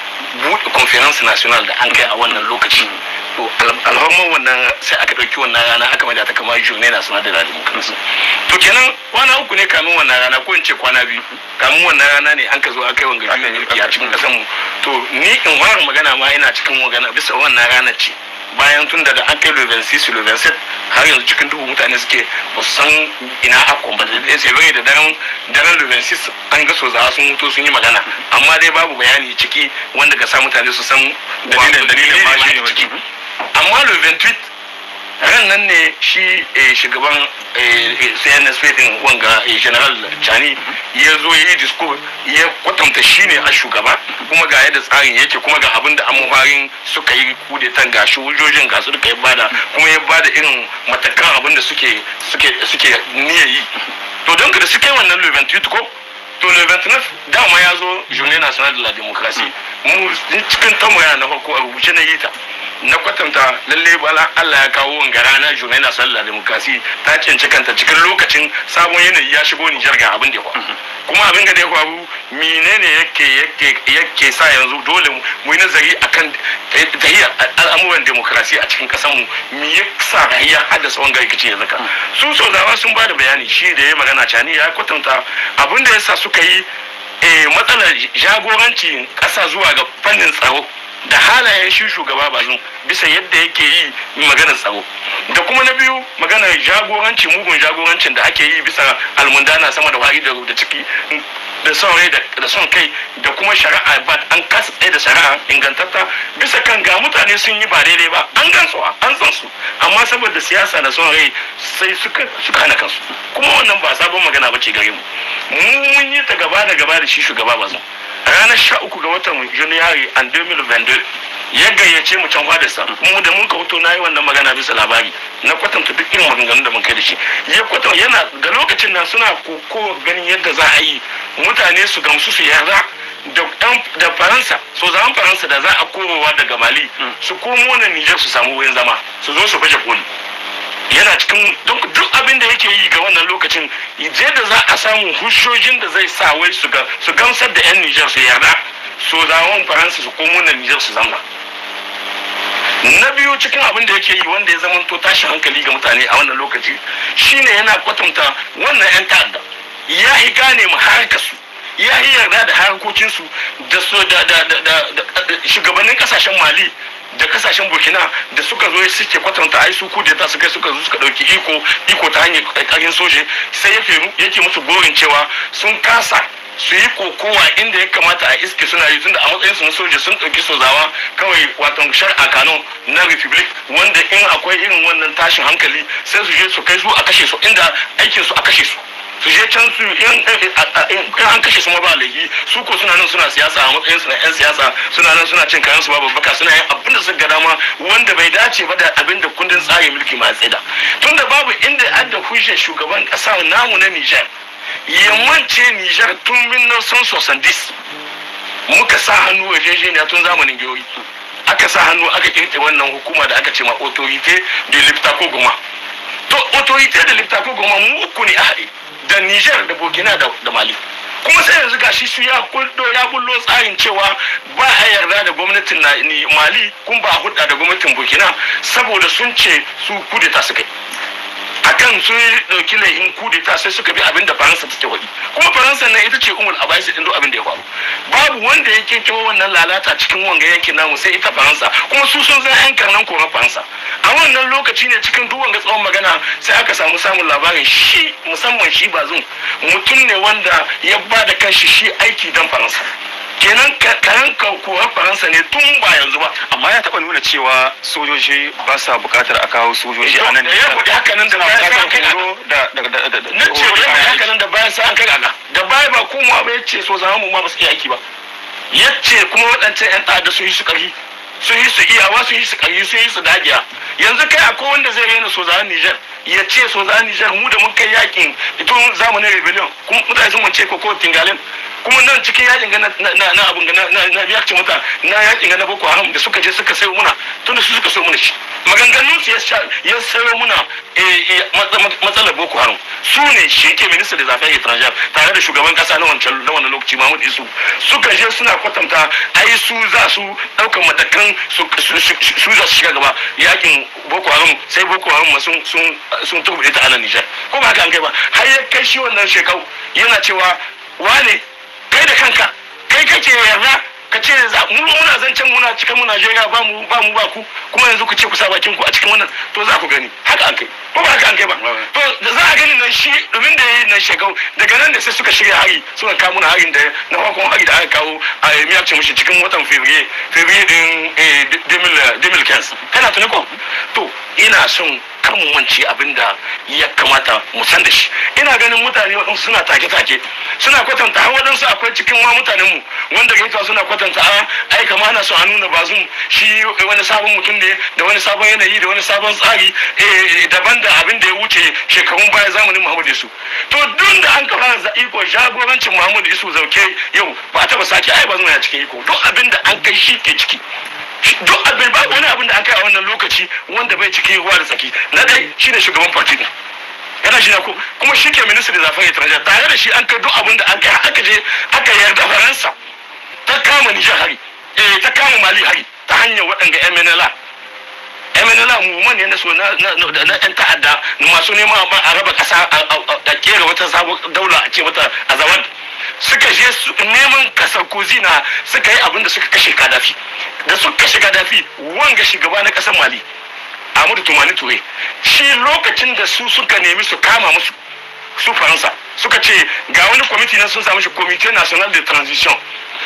conference national da an kai a wannan lokaci mhm. to alhormon wannan sai aka ɗauki wannan rana aka mai ta kamar journée national de la démocratie mhm. to kenan kwana uku ne kamin wannan rana ko in ce kwana biyu kamin wannan rana ne an ka zo a yi wanga juyin mulki a cikin ƙasar mu to ni in fara magana ma ina cikin magana bisa wannan ranar ce bayan tun da an kai level 6 level 7 har yanzu cikin dubu mutane suke ba san ina a kwambata da sai bai da daren daren level 6 an ga sozawa sun mutu sun yi magana amma dai babu bayani ciki wanda ga sa mutane su san dalilin dalilin ma shi ne ciki amma level 28 ran nan ne shi eh, shugaban eh, eh, CNS din wanga general chani ya zo ya yi disko ya kwatanta shi ne a shugaba kuma ga yadda tsarin yake kuma ga abin da amuharin suka yi kudetan ga shi wujojin ga su yi bada kuma ya bada irin matakan abin da suke suke niyan yi to don da suke wannan lubentut ko to le 29 dama ya zo journée nationale de la démocratie mu cikin tamu yana na farko a rubuce na yi ta na kwatanta lalle bala Allah ya kawo wanga rana juma'a sallah demokrasi ta cinci kanta cikin lokacin sabon yanayi ya shigo Nijar ga abin da ya kuma abin da ya faru menene yake yake yake sa yanzu dole mu yi nazari akan tahiyar al'amuran demokrasi a cikin kasar mu me yasa rahiya haddasa wanga rikici yanzu ka su sozawa sun ba da bayani shi da ya magana cani ya kwatanta abin da yasa suka yi eh, matsalar jagorancin ƙasa zuwa ga fannin tsaro da halayen shi shugaba bazum bisa yadda yake yi maganar tsaro da kuma na biyu magana jagoranci mugun jagorancin da ake yi bisa almundana sama da wari da da ciki da son da son kai da kuma shari'a ba an kasa tsaye da shari'a ingantatta bisa kan ga mutane sun yi ba daidai ba an gan su an san su amma saboda siyasa da son rai sai suka suka hana kansu kuma wannan ba sabon magana ba ce gare mu mun yi ta gaba da gaba da shi shugaba zan ranar sha uku ga watan Janairu an 2022 ya gayyace mu can sa mu da mun kawo na yi wannan magana bisa labari na kwatanta duk irin maganganun da mun kai da shi ya kwatanta yana ga lokacin na suna koko ganin yadda za a yi mutane su gamsu su yarda da faransa so zaman faransa da za a korowa daga mali mm. su komo na nijar su samu wurin zama su zo su baje koli yana cikin duk abin da yake yi ga wannan lokacin je da za a samu hujjojin da zai sa wai su gamsar da 'yan Nijar su yarda so zawon faransa su komo na Nijar su zama na biyu cikin abin da yake yi wanda ya zama to tashin hankali ga mutane a wannan lokaci shine yana kwatanta wannan 'yan ta'adda ya yi gane mu harkarsu ya yi yarda da harkokinsu da shugabannin kasashen mali da kasashen burkina da suka zo suke kwatanta ai su kudeta su kai suka zo suka dauki iko iko ta hanyar karfin soje sai yake musu gorin cewa sun kasa su yi kokowa inda ya kamata a iske suna yi tunda a matsayin su na soja sun ɗauki sozawa kawai watan shar'a kano na republic wanda in akwai irin wannan tashin hankali sai su je su kai su a kashe su inda aikin a kashe su su je can su in an kashe su ma ba laifi su ko suna nan suna siyasa a matsayin su yan siyasa suna nan suna cin kayan su babu baka suna yin abin da suka ga dama wanda bai dace ba da abin da kundin tsarin mulki ma tsaida tunda babu inda adda hujjar shugaban kasa namu na Nijar yammance Nijar tun 1970 muka sa hannu yarjejeniya tun zamanin giyoyi aka sa hannu aka kirke wannan hukuma da aka ce ma autorité de ko goma to autorité de ko goma mu uku ne a haɗe da niger da burkina da mali kuma sai yanzu gashi su ya kullo ya bullo tsarin cewa ba a yarda da gwamnatin mali kun ba a hudda da gwamnatin burkina saboda sun ce su kudeta su kai akan sun dauki laihin kudeta sai suka bi abin da faransa take wadi kuma faransa ne ita ce umul abaisi din duk abin da ya faru babu wanda ya kiwo wannan lalata cikin wanga yankin namu sai ita faransa kuma su sun zan yan karnan koran faransa a wannan lokaci ne cikin duk wanga tsawon magana sai aka samu samun labarin shi musamman shi bazum mutum ne wanda ya ba da kanshi shi aiki dan faransa kenan karan kuwa faransa ne tun ba yanzu ba amma ya taba nuna cewa sojoji ba sa bukatar a kawo sojoji a nan da eh, ya kudi haka nan da bayan sa kai da na ce ya haka nan da bayan sa an kai gaga da baya ba kuma ba yace so zama ma ba su iya aiki ba yace kuma waɗancan yan ta'adda sun yi su ƙarfi sun yi su iyawa sun yi su ƙarfi sun yi su dagiya yanzu kai akwai wanda zai rena so zama Niger ya ce so za Nijar mu da mun kai yakin tun zamanin rebellion kuma mutane sun ce ko kowa tingalin kuma nan cikin yakin ga na abun ga na biya ci mutan na yakin ga na boko haram da suka je suka sayo muna tun da su suka sayo muna shi maganganun su ya sayo muna eh, eh, matsalar boko haram su ne shi ke minista da zafi étrangère tare da shugaban kasa na wancan na wannan lokaci Mahmud Isu suka je suna kwatanta ai su za su daukan matakan su za su shiga gaba yakin boko haram sai boko haram sun sun tuɓe ta ala nijar ko ba haka an kai ba har ya kai shi wannan shekau yana cewa wane kai da kanka kai kake yarda ka ce mu muna zancen muna cikin muna jera ba mu ba mu ba ku kuma yanzu ku ce ku sa bakin ku a cikin wannan to za ku gani haka an kai ko ba haka an kai ba to za a gani nan shi domin da yi nan shekau daga nan da sai suka shirya hari suka kawo muna harin da na farkon hari da aka kawo a mi aka ce cikin watan fevrier fevrier din 2015 eh, kana tuni ko to ina son kan mu mance abin ya kamata mu san da shi ina ganin mutane waɗansu suna take-take suna kwatanta har waɗansu akwai cikin ma mutanen mu wanda gaita suna kwatanta a ai kama ana so a nuna bazum shi wani sabon mutum ne da wani sabon yanayi da wani sabon tsari eh, daban da abinda ya wuce shekarun baya zamanin Muhammadu Isu to duk da an kafa iko jagorancin Muhammadu Isu zauke yau ba ta ba sake ai bazum ya cikin iko duk abin da an kai shi ke ciki duk abin babu wani abin da an kai a wannan lokaci wanda bai cikin ruwa da tsaki na dai shine shugaban party din yana shi ko kuma shi ke ministry da zafin itiraja tare da shi an kai duk abin da an kai aka je aka yarda faransa ta kama nijar hari eh ta kama mali hari ta hanyar waɗanda mnla mnla mu ne na so na yan ta'adda masu neman a raba ƙasa a kera wata sabon daula a ce mata azawad suka je neman kasar kuzina suka yi abin da suka kashe kadafi da suka kashe kadafi wanga shugaba na kasar mali amadu tumani ture shi lokacin da su suka nemi su kama musu su faransa suka ce ga wani kwamiti na sun samu shi kwamiti national de transition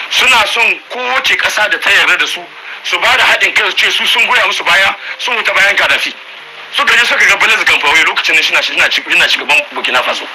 suna son kowace kasa da ta yarda da su su ba da haɗin kai su ce su sun goya musu baya sun wuta bayan kadafi suka je suka ga Blaise kamfawai lokacin shi na yana shugaban Burkina Faso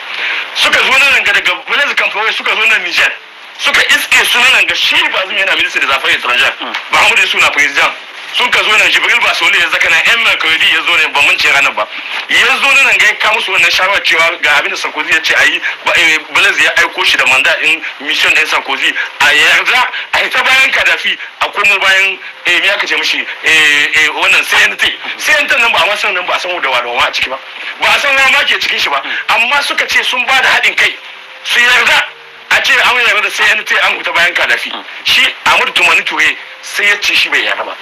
suka zo nan ga daga Blaise kamfawai suka zo nan Niger suka iske sunan ga shi ba bazum yana ministry da zafin étranger hmm. Mahmoud Yusuf na president sun ka zo nan jibril ba sole ya zaka na yan makarodi ya zo ne ba mun ce ranar ba ya zo nan ga ya kawo su wannan shawara cewa ga abin da sarkozy ya ce a yi eh, blaze ya aiko shi da manda in mission ɗin sarkozy a yarda a yi ta bayan kadafi a komo bayan eh, me aka ce mishi eh, wannan cnt cnt nan ba a wasan nan ba a san da wama a ciki ba ba a san wama ke cikin shi ba amma suka ce sun ba da haɗin kai su yarda a ce an yarda da cnt an ta bayan kadafi shi amur tumani ture sai ya ce shi bai yarda ba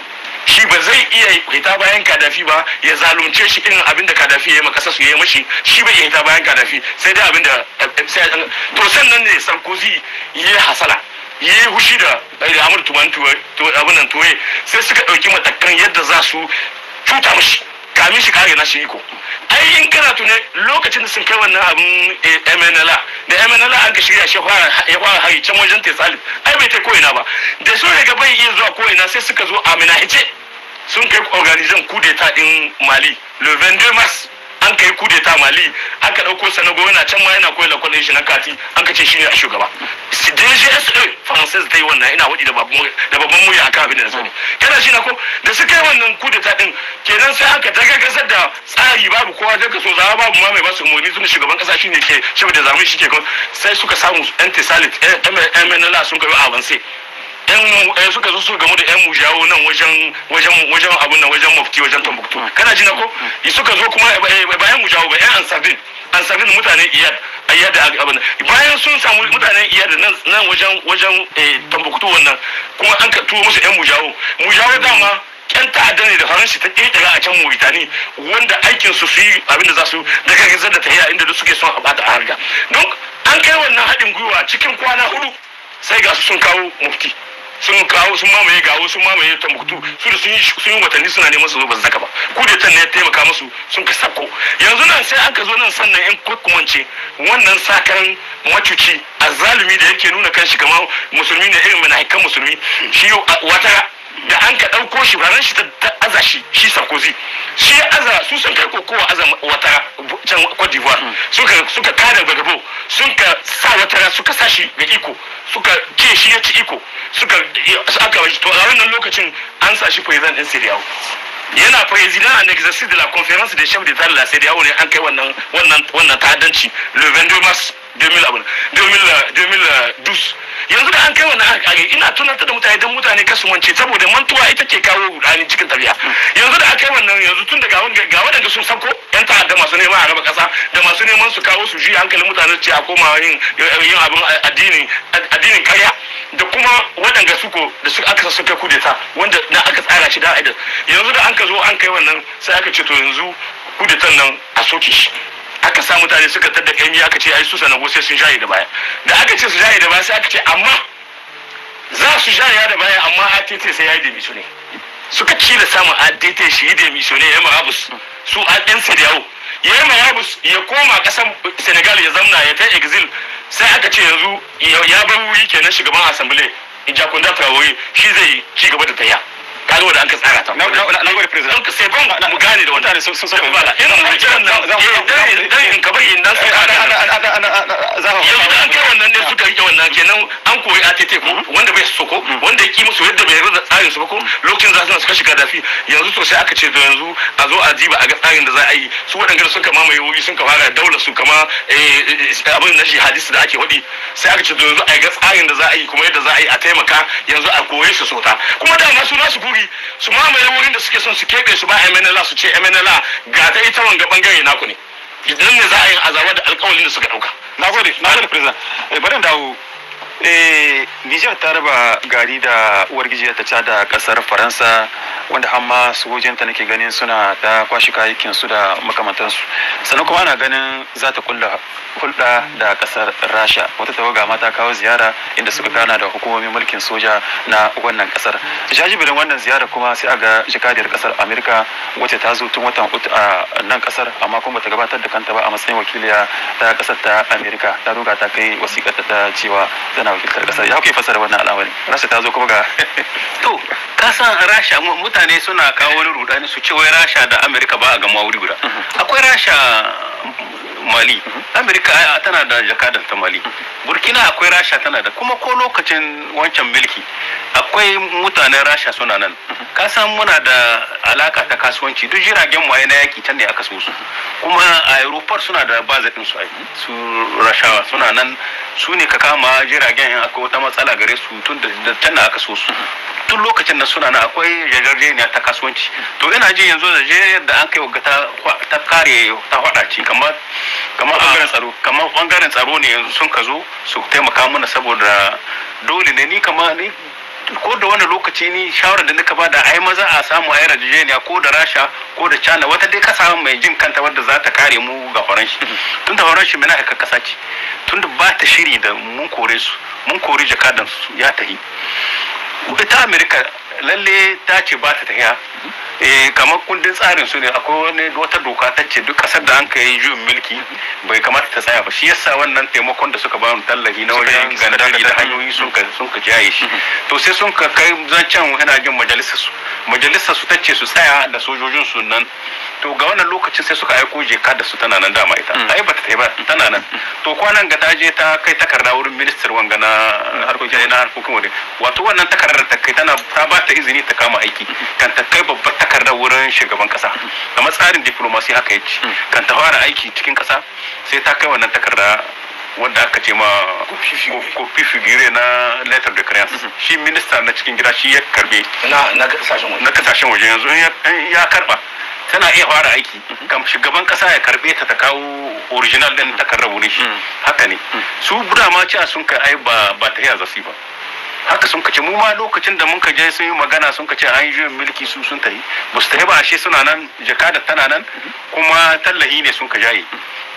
shi ba zai iya hita bayan kadafi ba ya zalunce shi irin abin da kadafi ya yi makasa su ya yi mashi shi bai iya hita bayan kadafi sai dai abin da eh, to sannan ne sarkozi ya yi hasala ya yi hushi da eh, amur tuman abinan tuwe sai suka ɗauki matakan yadda za su cuta mashi kamin shi kare nashi iko ai in kana tune lokacin da sun kai wannan abin eh, MNLA da MNLA an ka shirya shi ya fara hari can wajen Tesalin ai bai ta ina ba da so daga bai iya zuwa ina sai suka zo a ice sun kai organizan coup d'etat din mali le 22 mars an kai coup d'etat mali aka dauko sanago yana can ma yana koyar kwallon shi na kati an kace shi ne a shugaba DGSE française ta yi wannan ina wadi da babban muya aka abin da na sani kana shi na ko da suka yi wannan coup d'etat din kenan sai aka dagagasar da tsari babu kowa da ka so zama babu ma mai basu umarni tun shugaban kasa shine ke shi da zamu shi ke sai suka samu anti salit eh, MNLA sun kai avance yan eh, suka zo su gamu da yan mujawo nan wajen wajen wajen abun nan wajen mufti wajen tambuktu kana ji na ko hmm. suka zo kuma eh, eh, ba yan mujawo ba yan ansabin ansabin mutane iyad ayyad abun bayan sun samu mutanen iyad nan nan wajen wajen tambuktu wannan kuma an ka tuwo musu yan mujawo mujawo dama yan ta'adda ne da faransa ta kirkira a can mauritani wanda aikin su su yi abin da za su daga gizar da tahiya inda suke son a bata harga don an kai wannan haɗin gwiwa cikin kwana hudu sai ga su sun kawo mufti sun kawo sun mamaye gawo sun mamaye ta mutu su da sun yi watanni suna neman su zo ba su zaka ba kudetan ne ya taimaka musu sun ka sako yanzu nan sai an ka zo nan sannan yan kwakkumance wannan sakan macuci a zalumi da yake nuna kanshi kamar musulmi ne irin mana musulmi shi wata da an ka ɗauko shi ranar shi ta aza shi shi sarkozy shi ya aza su sun kai kokowa aza wata can cote d'ivoire hmm. suka suka kada gbagbo sun ka sa wata suka sa shi ga iko suka ke shi ya ci iko suka aka wajen to a wannan lokacin an sa shi president din siriyawo yana president en exercice de la conférence des chefs d'état de la CEDEAO ne an kai wannan ta'addanci le 22 mars 2012 yanzu da an kai wani aka kage ina tunanta da mutane don mutane kasumance saboda mantuwa ita ke kawo rani cikin tafiya yanzu da aka yi wannan yanzu tun da ga waɗanda sun sako yan ta'adda masu neman a raba ƙasa da masu neman su kawo su ji hankalin mutane ce a koma yin abin addinin karya da kuma waɗanda suko da suka aka suka kudeta wanda na aka tsara shi da yanzu da an ka zo an kai wannan sai aka ce to yanzu kudetan nan a soke shi aka sa mutane suka tadda kaimi aka ce ai su sanago sai sun jaye da baya da aka ce su jaye da baya sai aka ce amma za su jaye da baya amma ATT sai ya yi demiso ne suka ci da samun ATT shi yi da ya marabus su an ɗan sadiyawo ya yi marabus ya koma ƙasar Senegal ya zamna ya ta exil sai aka ce yanzu ya bar wuri kenan shugaban asambile Ijakunda Traore shi zai ci gaba da tayya. ka zo da an ka tsara ta na gode president don sai ban mu gane da wannan sun san bala in mun ce wannan dan in ka bayyana dan sai yau da an wannan ne suka rike wannan kenan an koyi ATT ko hmm? wanda bai soko hmm. wanda ya ki musu yadda bai yarda tsarin su ba ko hmm. lokacin za su suka shiga dafi. yanzu to sai aka ce da yanzu a zo a jiba a ga tsarin da za a yi su waɗanda sun kama mai wuri sun ka fara daular su kama eh, eh, abin na jihadis da ake waɗi sai aka ce to yanzu a ga tsarin da za a yi kuma yadda za a yi a taimaka yanzu a koye su sota kuma da ma su nasu guri su mamaye wurin da suke son su keɓe su ba MNLA su ce MNLA ga ta ita wanga bangare naku ne idan ne za a yi azaba da alƙawarin da suka ɗauka. Na gode, na gode, President. Eh, bari dawo Eh, Nijar ta raba gari da uwar ta ta da kasar Faransa wanda hamma su nake ganin suna ta kwashi kayayyakin su da makamantansu. Sannan kuma ana ganin za ta kulla hulɗa da kasar Rasha. Wata tawaga ma ta kawo ziyara inda suka kana da hukumomin mulkin soja na wannan kasar. Jajibirin wannan ziyara kuma sai aga ga jikadiyar kasar Amerika wace ta zo tun watan uku a nan kasar amma kuma bata gabatar da kanta ba a matsayin wakiliya ta kasar ta Amerika. Ta ruga ta kai wasiƙar ta cewa tana tana wakiltar kasa ya kuke fasara wannan al'amari rasa ta zo kuma ga to ka san rasha mutane suna kawo wani rudani su ce wai rasha da amerika ba a gama wuri guda mhm. akwai rasha mali amerika tana da jakadar ta mali mhm. burkina akwai rasha tana da kuma ko lokacin wancan milki akwai mutanen rasha suna nan mhm. ka san muna da alaka ta kasuwanci duk jiragen waye na yaki can ne aka so su kuma a europar suna da bazin su rashawa suna nan su ne ka kama jiragen in akwai wata matsala gare su tun da da aka so su tun lokacin da suna na akwai yarjejeniya ta kasuwanci to ina jin yanzu da je da an kai wa ta kare ta hada kamar bangaren tsaro kamar bangaren tsaro ne yanzu sun ka zo su taimaka mana saboda dole ne ni kamar ko da wani lokaci ni shawarar da nika bada ai maza a samu ai rajijeniya ko da rasha ko da china wata dai kasa mai jin kanta wadda za ta kare mu ga horon tun da horon mai mina haka kasa ce tun da ba ta shiri da mun kore su mun kore jakadan su ya tahi ita amerika lalle ta ce ba ta tafiya eh, kamar kundin tsarin su ne akwai wani wata doka ta ce duk kasar da an ka yi juyin mulki bai kamata ta tsaya ba shi yasa wannan taimakon da suka ba mu tallafi na wajen gandari da hanyoyi sun ka sun ka jaye shi to sai sun ka kai zancen yana jin majalisar su majalisar su ta ce su tsaya da sojojin su nan to ga wannan lokacin sai suka aiko ka da su tana nan dama ita mm. ai ba ta ba tana nan to kwanan ga ta je ta kai takarda wurin ministar wanga na harkokin na harkokin eh, wato wannan takardar ta kai tana ta ba ta izini ta kama aiki kan ta kai babbar takardar wurin shugaban kasa kamar tsarin diplomasi haka ya ci hmm. kan ta fara aiki cikin kasa sai ta kai wannan takarda wanda aka ce ma kofi figure na letter de créance hmm. shi minista na cikin gida shi ya karbe na kasashen waje yanzu ya karba tana iya fara aiki hmm. kam shugaban kasa ya karbe ta ta kawo original din takarda wurin shi haka ne su dama a sun kai ai ba ta iya zasi ba haka sun kace mu ma lokacin da mun je sun yi magana sun kace an yi mulki su sun tayi ba su tayi ba ashe suna nan jakadar tana nan mhm. kuma tallahi ne sun ka jaye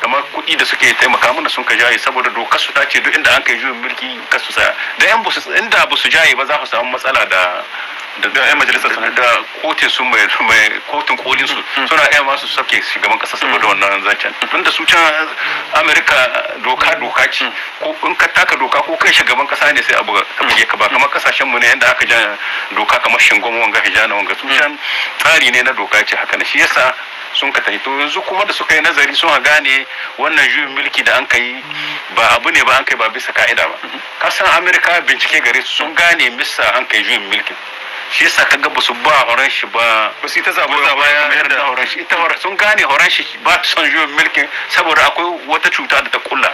kamar kuɗi da suke taimaka mana sun ka jaye saboda dokar su ta ce duk inda an kai juyin mulki ka su tsaya da yan busu inda ba su jaye ba za su samu matsala da da yan majalisar da kotun su mai kotun kolin su mm-hmm. suna yan masu sabke shugaban kasa saboda wannan zancen tunda su can amerika doka doka ce mm-hmm. ko in ka taka doka ko kai shugaban kasa ne sai abu ka buge ka ba mm-hmm. kamar kasashen mu ne yanda aka ja doka kamar shingon wanga hijana wanga su can tsari ne na doka ce haka ne shi yasa sun ka to yanzu kuma da suka yi nazari sun gane wannan juyin mulki da an kai ba abu ne ba an kai ba bisa ka'ida ba kasan amerika bincike gare sun gane bisa an kai juyin mulkin shi yasa kaga ba su ba horon shi ba ba su ta zaba ba ya mayar da horon shi ita horon sun gane horon shi ba ta son juyin mulkin saboda akwai wata cuta da ta kulla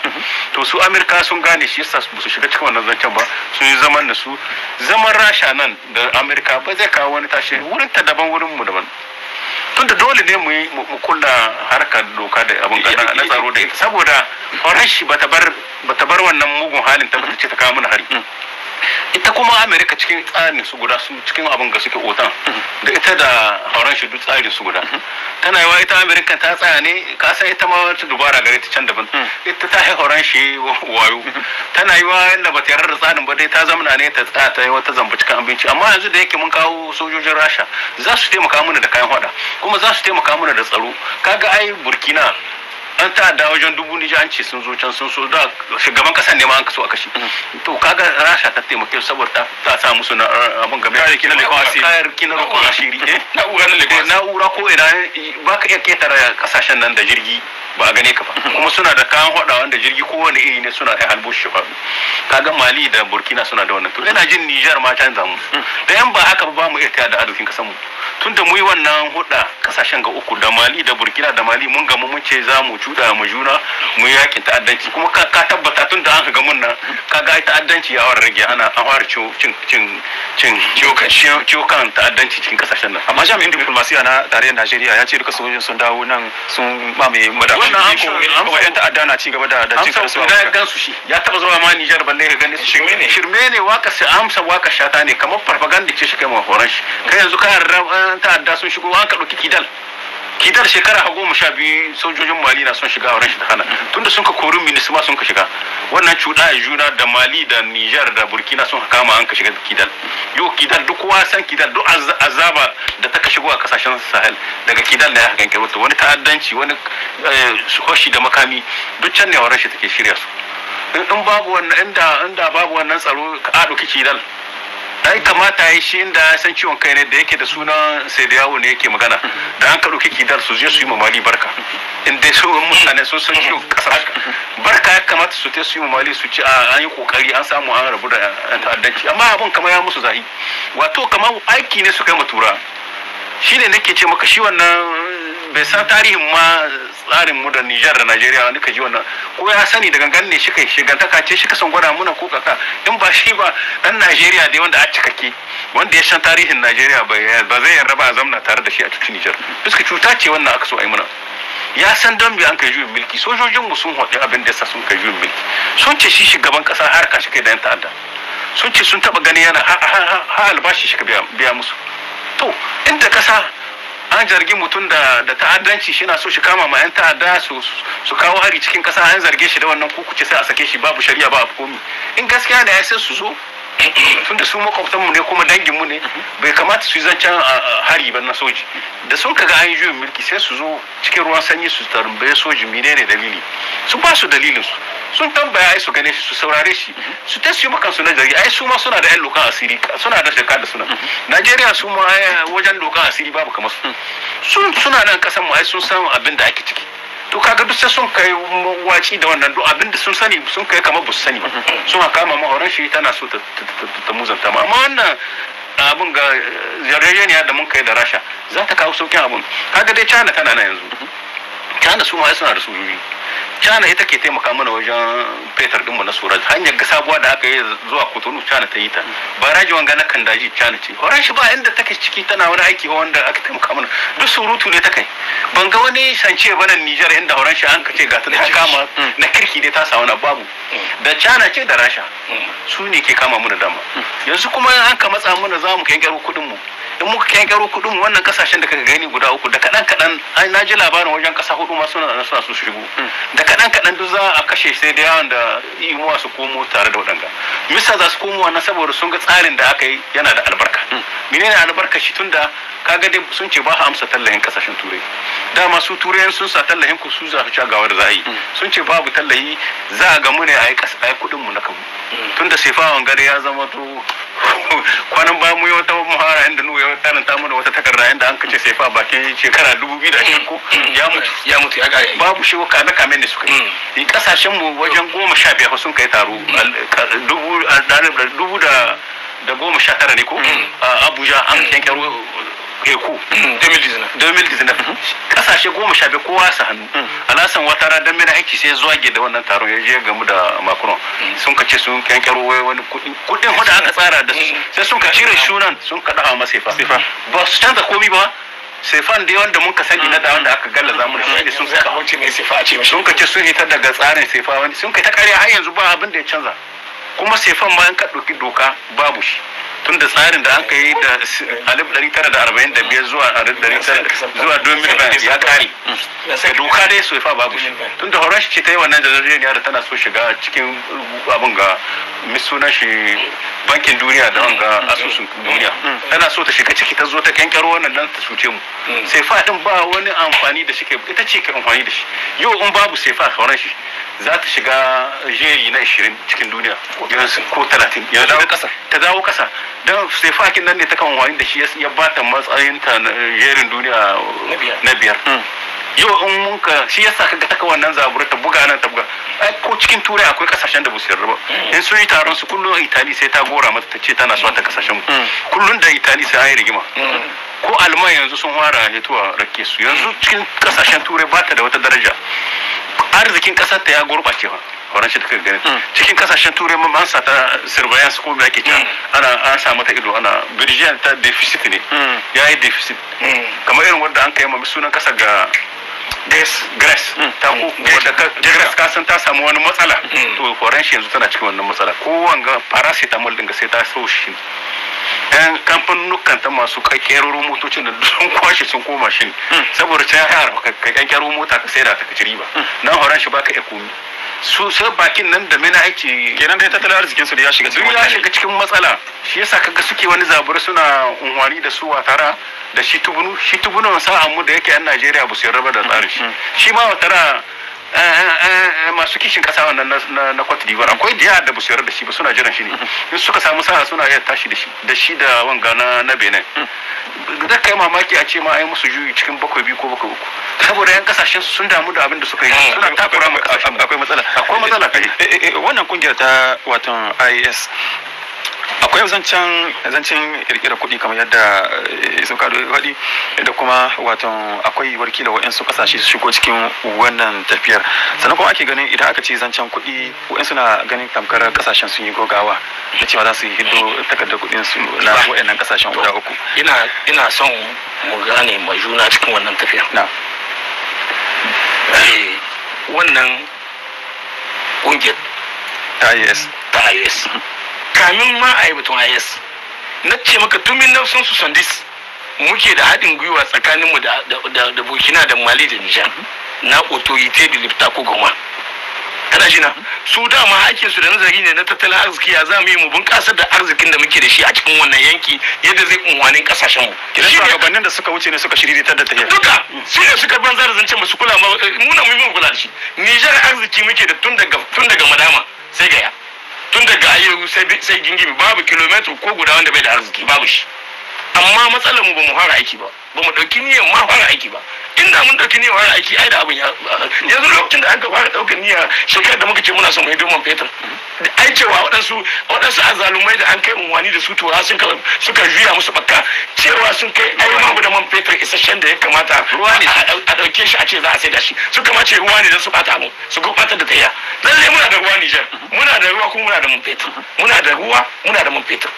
to su amerika sun gane shi yasa ba su shiga cikin wannan zancen ba sun yi zaman da su zaman rasha nan da amerika ba zai kawo wani tashi wurin ta daban wurin mu daban tunda dole ne mu kula kulla harkar doka da abin kada na tsaro da ita saboda horashi ba bar bar wannan mugun halin ta ce ta kawo mana hari ita kuma amerika cikin tsarin su guda su cikin abin ga suke otan da ita da hauran shi duk tsarin su guda tana yawa ita amerika ta tsaya ne ka san ita ma wata dubara gare ta can daban ita ta yi hauran shi wayo tana wa yadda ba ta yarda da tsarin ba dai ta zamana ne ta tsaya ta yi wata zamba cikin abinci amma yanzu da yake mun kawo sojojin rasha za su taimaka mana da kayan hada kuma za su taimaka mana da tsaro kaga ai burkina An ta da wajen dubu ni an ce sun zo can sun so da shugaban kasar ne ma an kaso a kashi mhm. to kaga rasha ta taimake saboda ta sa musu na eh, abin game kayar kina lekwa asiri kayar kina lekwa eh. asiri na'ura na na ura ko ina ba ka iya ketara kasashen nan da jirgi ba a gane ka ba mhm. kuma suna da kayan hada wanda jirgi kowane iri ne suna kai halbo shi ba kaga mali da burkina suna da wannan to ina jin nijar ma canza mu mhm. da yan ba haka ba mu iya tayar da adokin kasar mu tunda mu yi wannan hudda kasashen ga uku da mali da burkina da mali mun gamu mun ce za mu cuɗa mu juna mu yakin ta'addanci kuma ka tabbata tun da an ga mun nan ka ga ta'addanci ya wara rage ana an fara cin cin cin kan ta'addanci cikin kasashen nan amma jami'in diplomasiya na tarayyar Najeriya ya ce duka sojojin sun dawo nan sun mamaye an ko kuma yan ta'adda na ci gaba da da cin karsu da ya su shi ya taba zuwa ma Nijar balle ka gane su shirme ne shirme ne waka sai amsa waka shata ne kamar farfaganda ce shi kai mahoran shi kai yanzu ka ta'adda sun shigo an ka dauki kidal kidar shekara ha goma sha biyu sojojin mali na son shiga wurin shi ta tunda sun ka kori ma sun ka shiga wannan cuɗa juna da mali da nijar da burkina sun ka kama an ka shiga kidal yau kidal duk wasan san kidal duk azaba da ta ka shigo a kasashen sahel daga kidal da ya hakan kirkuta wani ta'addanci wani eh, hoshi da makami duk can ne wurin shi take shirya su in babu wannan inda babu wannan tsaro ka aɗo kidal ai kamata ya shi inda san ciwon kai ne da yake da sunan sai da yawo ne yake magana da an ka kiki kidar su je su yi mamali barka in dai su mutane sun san ciwon kasa barka ya kamata su te su yi mamali su ci an yi kokari an samu an rabu da ta'addanci amma abin kama ya musu zahi wato kamar aiki ne su kai matura shi ne nake ce maka shi wannan bai san tarihin ma tsarin mu da Nijar da Najeriya wani ka ji wannan ko ya sani da gangan ne shika shigantaka ce ka son gwada muna ko kaka in ba shi ba dan Najeriya dai wanda a ke wanda ya san tarihin Najeriya ba zai yarda ba a zamna tare da shi a cikin Nijar fuska cuta ce wannan aka so a yi muna ya san don an kai juyin mulki sojojin mu sun hoɗe abin da yasa sun kai juyin mulki sun ce shi shugaban kasa har shi kai da yan ta'adda sun ce sun taɓa gani yana ha albashi shi ka biya musu to inda kasa an zargi mutum da da ta'addanci shi na so shi kama ma yan ta'adda su su kawo hari cikin kasa an zarge shi da wannan kukuce sai a sake shi babu shari'a babu komi in gaskiya da ya sai su zo tunda su makwabtan mu ne kuma dangin mu ne bai kamata su yi zancen hari ba na soji da sun kaga an yi juyin mulki sai su zo cikin ruwan sanyi su tarumbe soji menene dalili su ba su dalilin su sun tambaya ai su gane shi su saurare shi mhm. su ta su makan na zargi ai su ma suna da yan lokan asiri suna da shirka da suna mhm. Najeriya su ma eh, wajen lokan asiri babu kamar su mhm. sun suna nan kasan mu ai sun san abin da ake ciki to kaga duk sai sun kai waci da wannan duk abin da sun sani sun kai kamar bu sani ba sun haka ma mahoran shi tana so ta muzanta ma amma wannan eh, abin ga eh, yarjejeniya da mun kai da rasha za ta kawo saukin abin kaga dai china tana nan yanzu china su ma suna da sojoji Cana ita ke taimaka mana wajen fetur dinmu na Surat hanyar ga sabuwa da aka yi zuwa Kotonu cana ta yi ta baraji wanga na kan daji China ce horan shi ba inda take ciki tana wani aiki wanda aka taimaka mana duk surutu ne ta kai ban ga wani sance bana Nijar inda horan shi an kace ga ta kama mm. na kirki ne ta sa wani babu mm. da China ce da Rasha mm. su ne ke kama mana dama yanzu kuma an ka matsa mana za zamu kai garo kudin mu in muka kai garo kudin mu wannan kasashen da kaga gani guda uku da kadan kadan na ji labarin wajen kasa hudu ma suna suna su shigo da kaɗan kaɗan duk za a kashe sai da yawan da imuwa su komo tare da waɗanga misa za su komo wannan saboda sun ga tsarin da aka yi yana da albarka Mm. albarkaci tun da kaga dai sun ce ba a amsa tallahin kasashen turai dama su turai sun sa tallahin ku su za su cagawar za a yi mm. sun ce babu tallahi za a gamu ne a yi kudin mu na kamu mm. da sefa fawon gari ya zama to kwanan ba mu yi wata muhara inda nu ya karanta mana wata takarda inda an kace sefa bakin shekara da ko ya mutu ya mutu ya gare babu shi ka na kamen ne suka yi kasashen mu wajen goma sha biyar sun kai taro dubu da da goma sha tara ne ko mm. abuja an yankar eku 2019 kasashe goma sha biyu kowa su hannu mm. alasan wata ra don mina aiki sai zuwa ge da wannan taron ya je gamu da macron mm. sun ka ce sun kankaro wai wani kudin kudin wanda aka tsara da sai sun ka cire shunan sun ka dawa masifa ba su canza komi ba sefan dai wanda mun ka sani na da wanda aka galla zamu shi ne sun saka mai sefa a ce sun ka ce sun hita daga tsarin sefa wani sun kai ta karya har yanzu ba abin da ya canza kuma sefan bayan ka ɗauki doka babu shi tun da tsarin da aka yi da alif ɗari tara da arba'in da biyar zuwa zuwa domin ya kare da mm. doka dai so fa babu shi tun da horashi ce ta yi wannan jazarjeniya da tana so shiga cikin abin ga misunan shi bankin duniya da wanga asusun duniya mm. Mm. tana so ta shiga ciki ta zo ta kyankyaro wannan dan ta cuce mu sefa din ba wani amfani da shi ita ce ke amfani da shi yau in babu sefa fa horashi za ta shiga jeri na 20 cikin duniya yanzu ko 30 ya dawo kasa ta dawo kasa don sai fakin nan ne ta kan wani da shi ya ba ta matsayin ta jerin duniya na biyar hmm. yau in mun ka shi yasa kaga taka wannan zabura ta buga nan ta buga ai ko cikin turai akwai kasashen da ba su yarda ba hmm. in sun yi taron su kullum itali sai ta gora mata ta ce tana so ta kasashen mu hmm. kullum da itali sai an yi rigima ko alman yanzu sun fara hituwa rake su yanzu cikin kasashen turai ba ta da wata daraja arzikin kasar ta ya gurɓace ba wannan shi take gani mm. cikin kasashen turai mun sa ta surveillance ko ke kici mm. ana an samu ta ido ana birjiyar ta deficit ne mm. yayi deficit kamar irin wanda an kai ma sunan kasar ga grace mm. ta mm. ka san ta samu wani matsala mm. to shi yanzu tana cikin wannan matsala ko wanga paracetamol din ga sai ta so shi yan kamfanin ta masu kakkeraro motocin da sun kwashe sun koma shi saboda ta yara kakkeraro mota ka sai da ta kaci riba nan horon shi baka iya komi su sai bakin nan da mena ake kenan dai tattalin arzikin su da ya shiga cikin ya shiga cikin matsala shi yasa kaga suke wani zaburi suna unwani da su watara da shi tubunu shi tubunu sa mu da yake yan Najeriya ba su raba da tsarin shi mm-hmm. shi ma watara Eh, eh, eh, masu kishin kasa wannan na Cote d'Ivoire akwai da yadda ba su yarda da shi ba suna jiran shi ne in suka samu sa'a suna iya tashi da shi da shi da wanga na na Benin da kai mamaki a ce ma ai musu juyi cikin bakwai biyu ko bakwai uku saboda yan kasashen sun damu da abin da suka yi suna takura ma kasashen akwai matsala akwai matsala kai wannan kungiyar ta wato IS akwai zancen zancen kirkira kuɗi kamar yadda eh, sun kado faɗi da kuma watan akwai warki da wa'insu kasashe su shigo cikin wannan tafiyar sannan kuma ake ganin idan aka ce zancen kuɗi wa'insu na ganin tamkar kasashen sun yi gogawa da cewa za su yi hiddo takardar kuɗin su na wa'annan kasashen guda uku ina ina son mu gane ma juna cikin wannan tafiyar na eh, wannan ƙungiyar ta yes ta yes kamin ma a yi batun is na ce maka na sun su sandis muke da haɗin gwiwa tsakaninmu da burkina da mali da nijar na otorite da lifta ko goma kana shi na su dama hakin su da nazari ne na tattalin arziki ya zamu yi mu bunƙasar da arzikin da muke da shi a cikin wannan yanki yadda zai unwanin kasashen mu kiran shugabannin da suka wuce ne suka shiri ta da ta duka su ne suka banza da zance musu kula ma eh, mu na mu kula da shi Nijar arziki muke da tun daga tun daga madama sai gaya tun daga ayewu sai gingimi babu kilomita ko guda wanda bai da arziki babu shi amma matsalar mu ba mu fara aiki ba ba mu ɗauki niyyar ma fara aiki ba inda mun dauki ni wani aiki ai da abin ya yanzu lokacin da aka fara daukar niyya shekarar da muka ce muna son mai domin fetur ai cewa waɗansu waɗansu azalumai da an kai unwani da su tura sun suka juya musu bakka cewa sun kai ai ma da man fetur isasshen da ya kamata ruwa ne a dauke shi a ce za a sai da shi su kama ce ruwa ne don su bata mu su gurbata da tayya lallai muna da ruwa Nijar muna da ruwa kuma muna da man fetur muna da ruwa muna da man fetur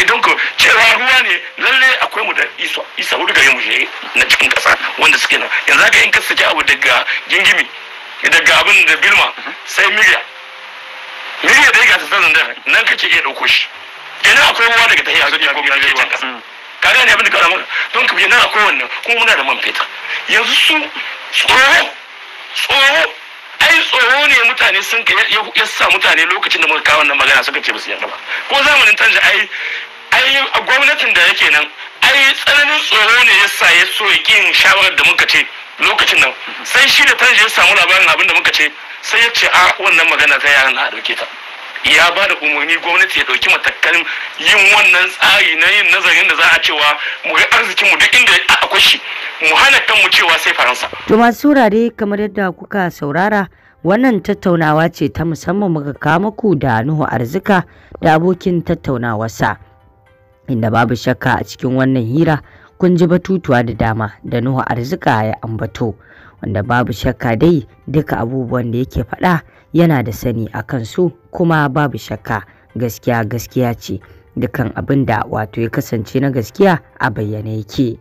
idan ko cewa ruwa ne lallai akwai mu da isa isa wuri gare mu na cikin ƙasa wanda suke nan yanzu haka in kasance saki abu daga gingimi daga abin da bilma sai miliya miliya da ya gasa sanin da nan kake iya ɗauko shi kenan akwai ruwa daga tahiya zuwa ko mai cikin ƙasa mm. kare ne abin da ka ramar don ka kenan akwai wannan kuma muna da man fetur yanzu su tsoro tsoro ai tsoro ne mutane sun ka ya sa mutane lokacin da muka kawo wannan magana suka ce ba su yarda ba ko zamanin tanja ai ai gwamnatin da yake nan ai tsananin tsoro ne ya sa ya so ya kin shawarar da muka ce lokacin nan sai shi da tanje ya samu labarin abin da muka ce sai ya ce a wannan magana ta yaran na dauke ta ya ba da umarni gwamnati ya dauki matakan yin wannan tsari na yin nazarin da za a cewa mu ga arzikinmu duk inda akwai shi mu hana kanmu cewa sai faransa. to masu wurare kamar yadda kuka saurara wannan tattaunawa ce ta musamman muka kawo muku da nuhu arzika da abokin tattaunawarsa. inda babu shakka a cikin wannan hira kun ji batutuwa da dama da Nuhu arzika ya ambato wanda babu shakka dai duka abubuwan da yake faɗa yana da sani a kansu kuma babu shakka gaskiya gaskiya ce dukan abin da wato ya kasance na gaskiya a bayyane yake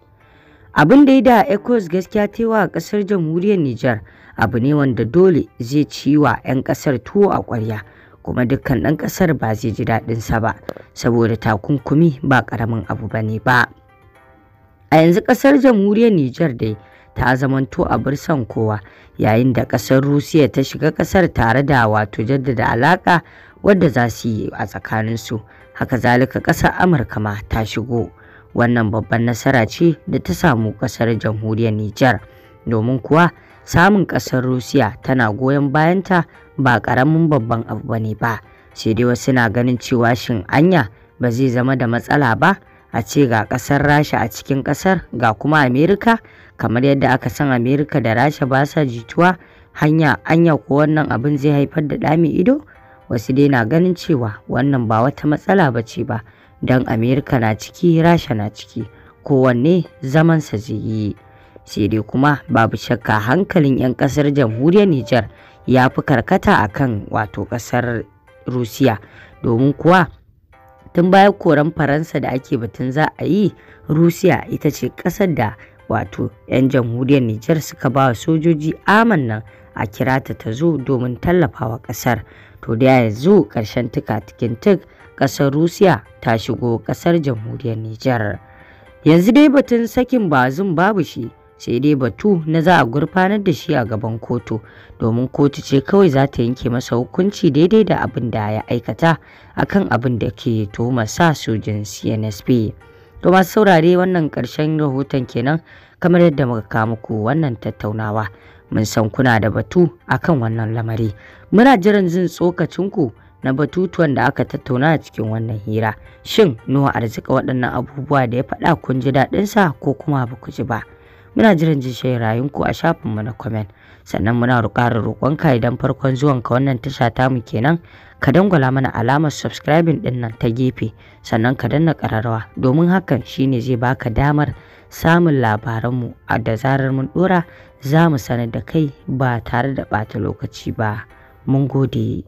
abin da ya da ecos gaskiya ta wa kasar jamhuriyar Nijar abu ne wanda dole zai ci wa 'yan kasar tuwo a kwarya kuma dukkan ɗan ƙasar ba zai ji daɗinsa ba saboda takunkumi ba ƙaramin abu ba ne ba a yanzu ƙasar jamhuriyar nijar dai ta zamanto a birsan kowa yayin da ƙasar rusiya ta shiga ƙasar tare da wato jaddada alaƙa wadda za su yi a tsakaninsu haka zalika ƙasar amurka ma ta shigo wannan babban nasara ce da ta samu ƙasar jamhuriyar nijar domin kuwa samun kasar Rusiya tana goyon bayanta ba ƙaramin babban abu bane ba, sai dai wasu na ganin cewa shin anya ba zai zama da matsala ba a ce ga ƙasar Rasha a cikin ƙasar ga kuma Amerika kamar yadda aka san Amerika da Rasha ba sa jituwa hanya anya ko wannan abin zai haifar da ɗami ido wasu dai na ganin cewa wannan ba wata matsala ba ce ba don Amerika na ciki Rasha na ciki kowanne zamansa zai yi. sai dai kuma babu shakka hankalin 'yan kasar jamhuriyar Nijar ya fi karkata a kan wato kasar Rusiya domin kuwa tun bayan koran Faransa da ake batun za a yi Rusiya ita ce kasar da wato 'yan jamhuriyar Nijar suka ba sojoji aman nan a kirata ta zo domin tallafawa kasar to da yanzu karshen tuka tikin tuk kasar Rusiya ta shigo kasar jamhuriyar Nijar yanzu dai batun sakin bazin babu shi sai dai batu na za a gurfanar da shi a gaban kotu domin kotu ce kawai za ta yanke masa hukunci daidai da abin da ya aikata akan abin da ke tuhumar sa sojin cnsp to masu saurare wannan karshen rahoton kenan kamar yadda muka kawo muku wannan tattaunawa mun san kuna da batu akan wannan lamari muna jiran jin tsokacinku na batutuwan da aka tattauna a cikin wannan hira shin nuwa arzika waɗannan abubuwa da ya faɗa kun ji daɗinsa ko kuma ba ku ji ba Muna jiran jin rayunku a shafinmu na comment. Sannan muna ƙara ka idan farkon zuwan ka wannan tasha ta mu kenan ka dangwala mana alamar subscribing din nan ta gefe sannan ka danna ƙararrawa domin hakan shine zai baka damar samun labaran mu a da zarar mun ɗora za mu sanar da kai ba tare da ɓata lokaci ba. Mun gode.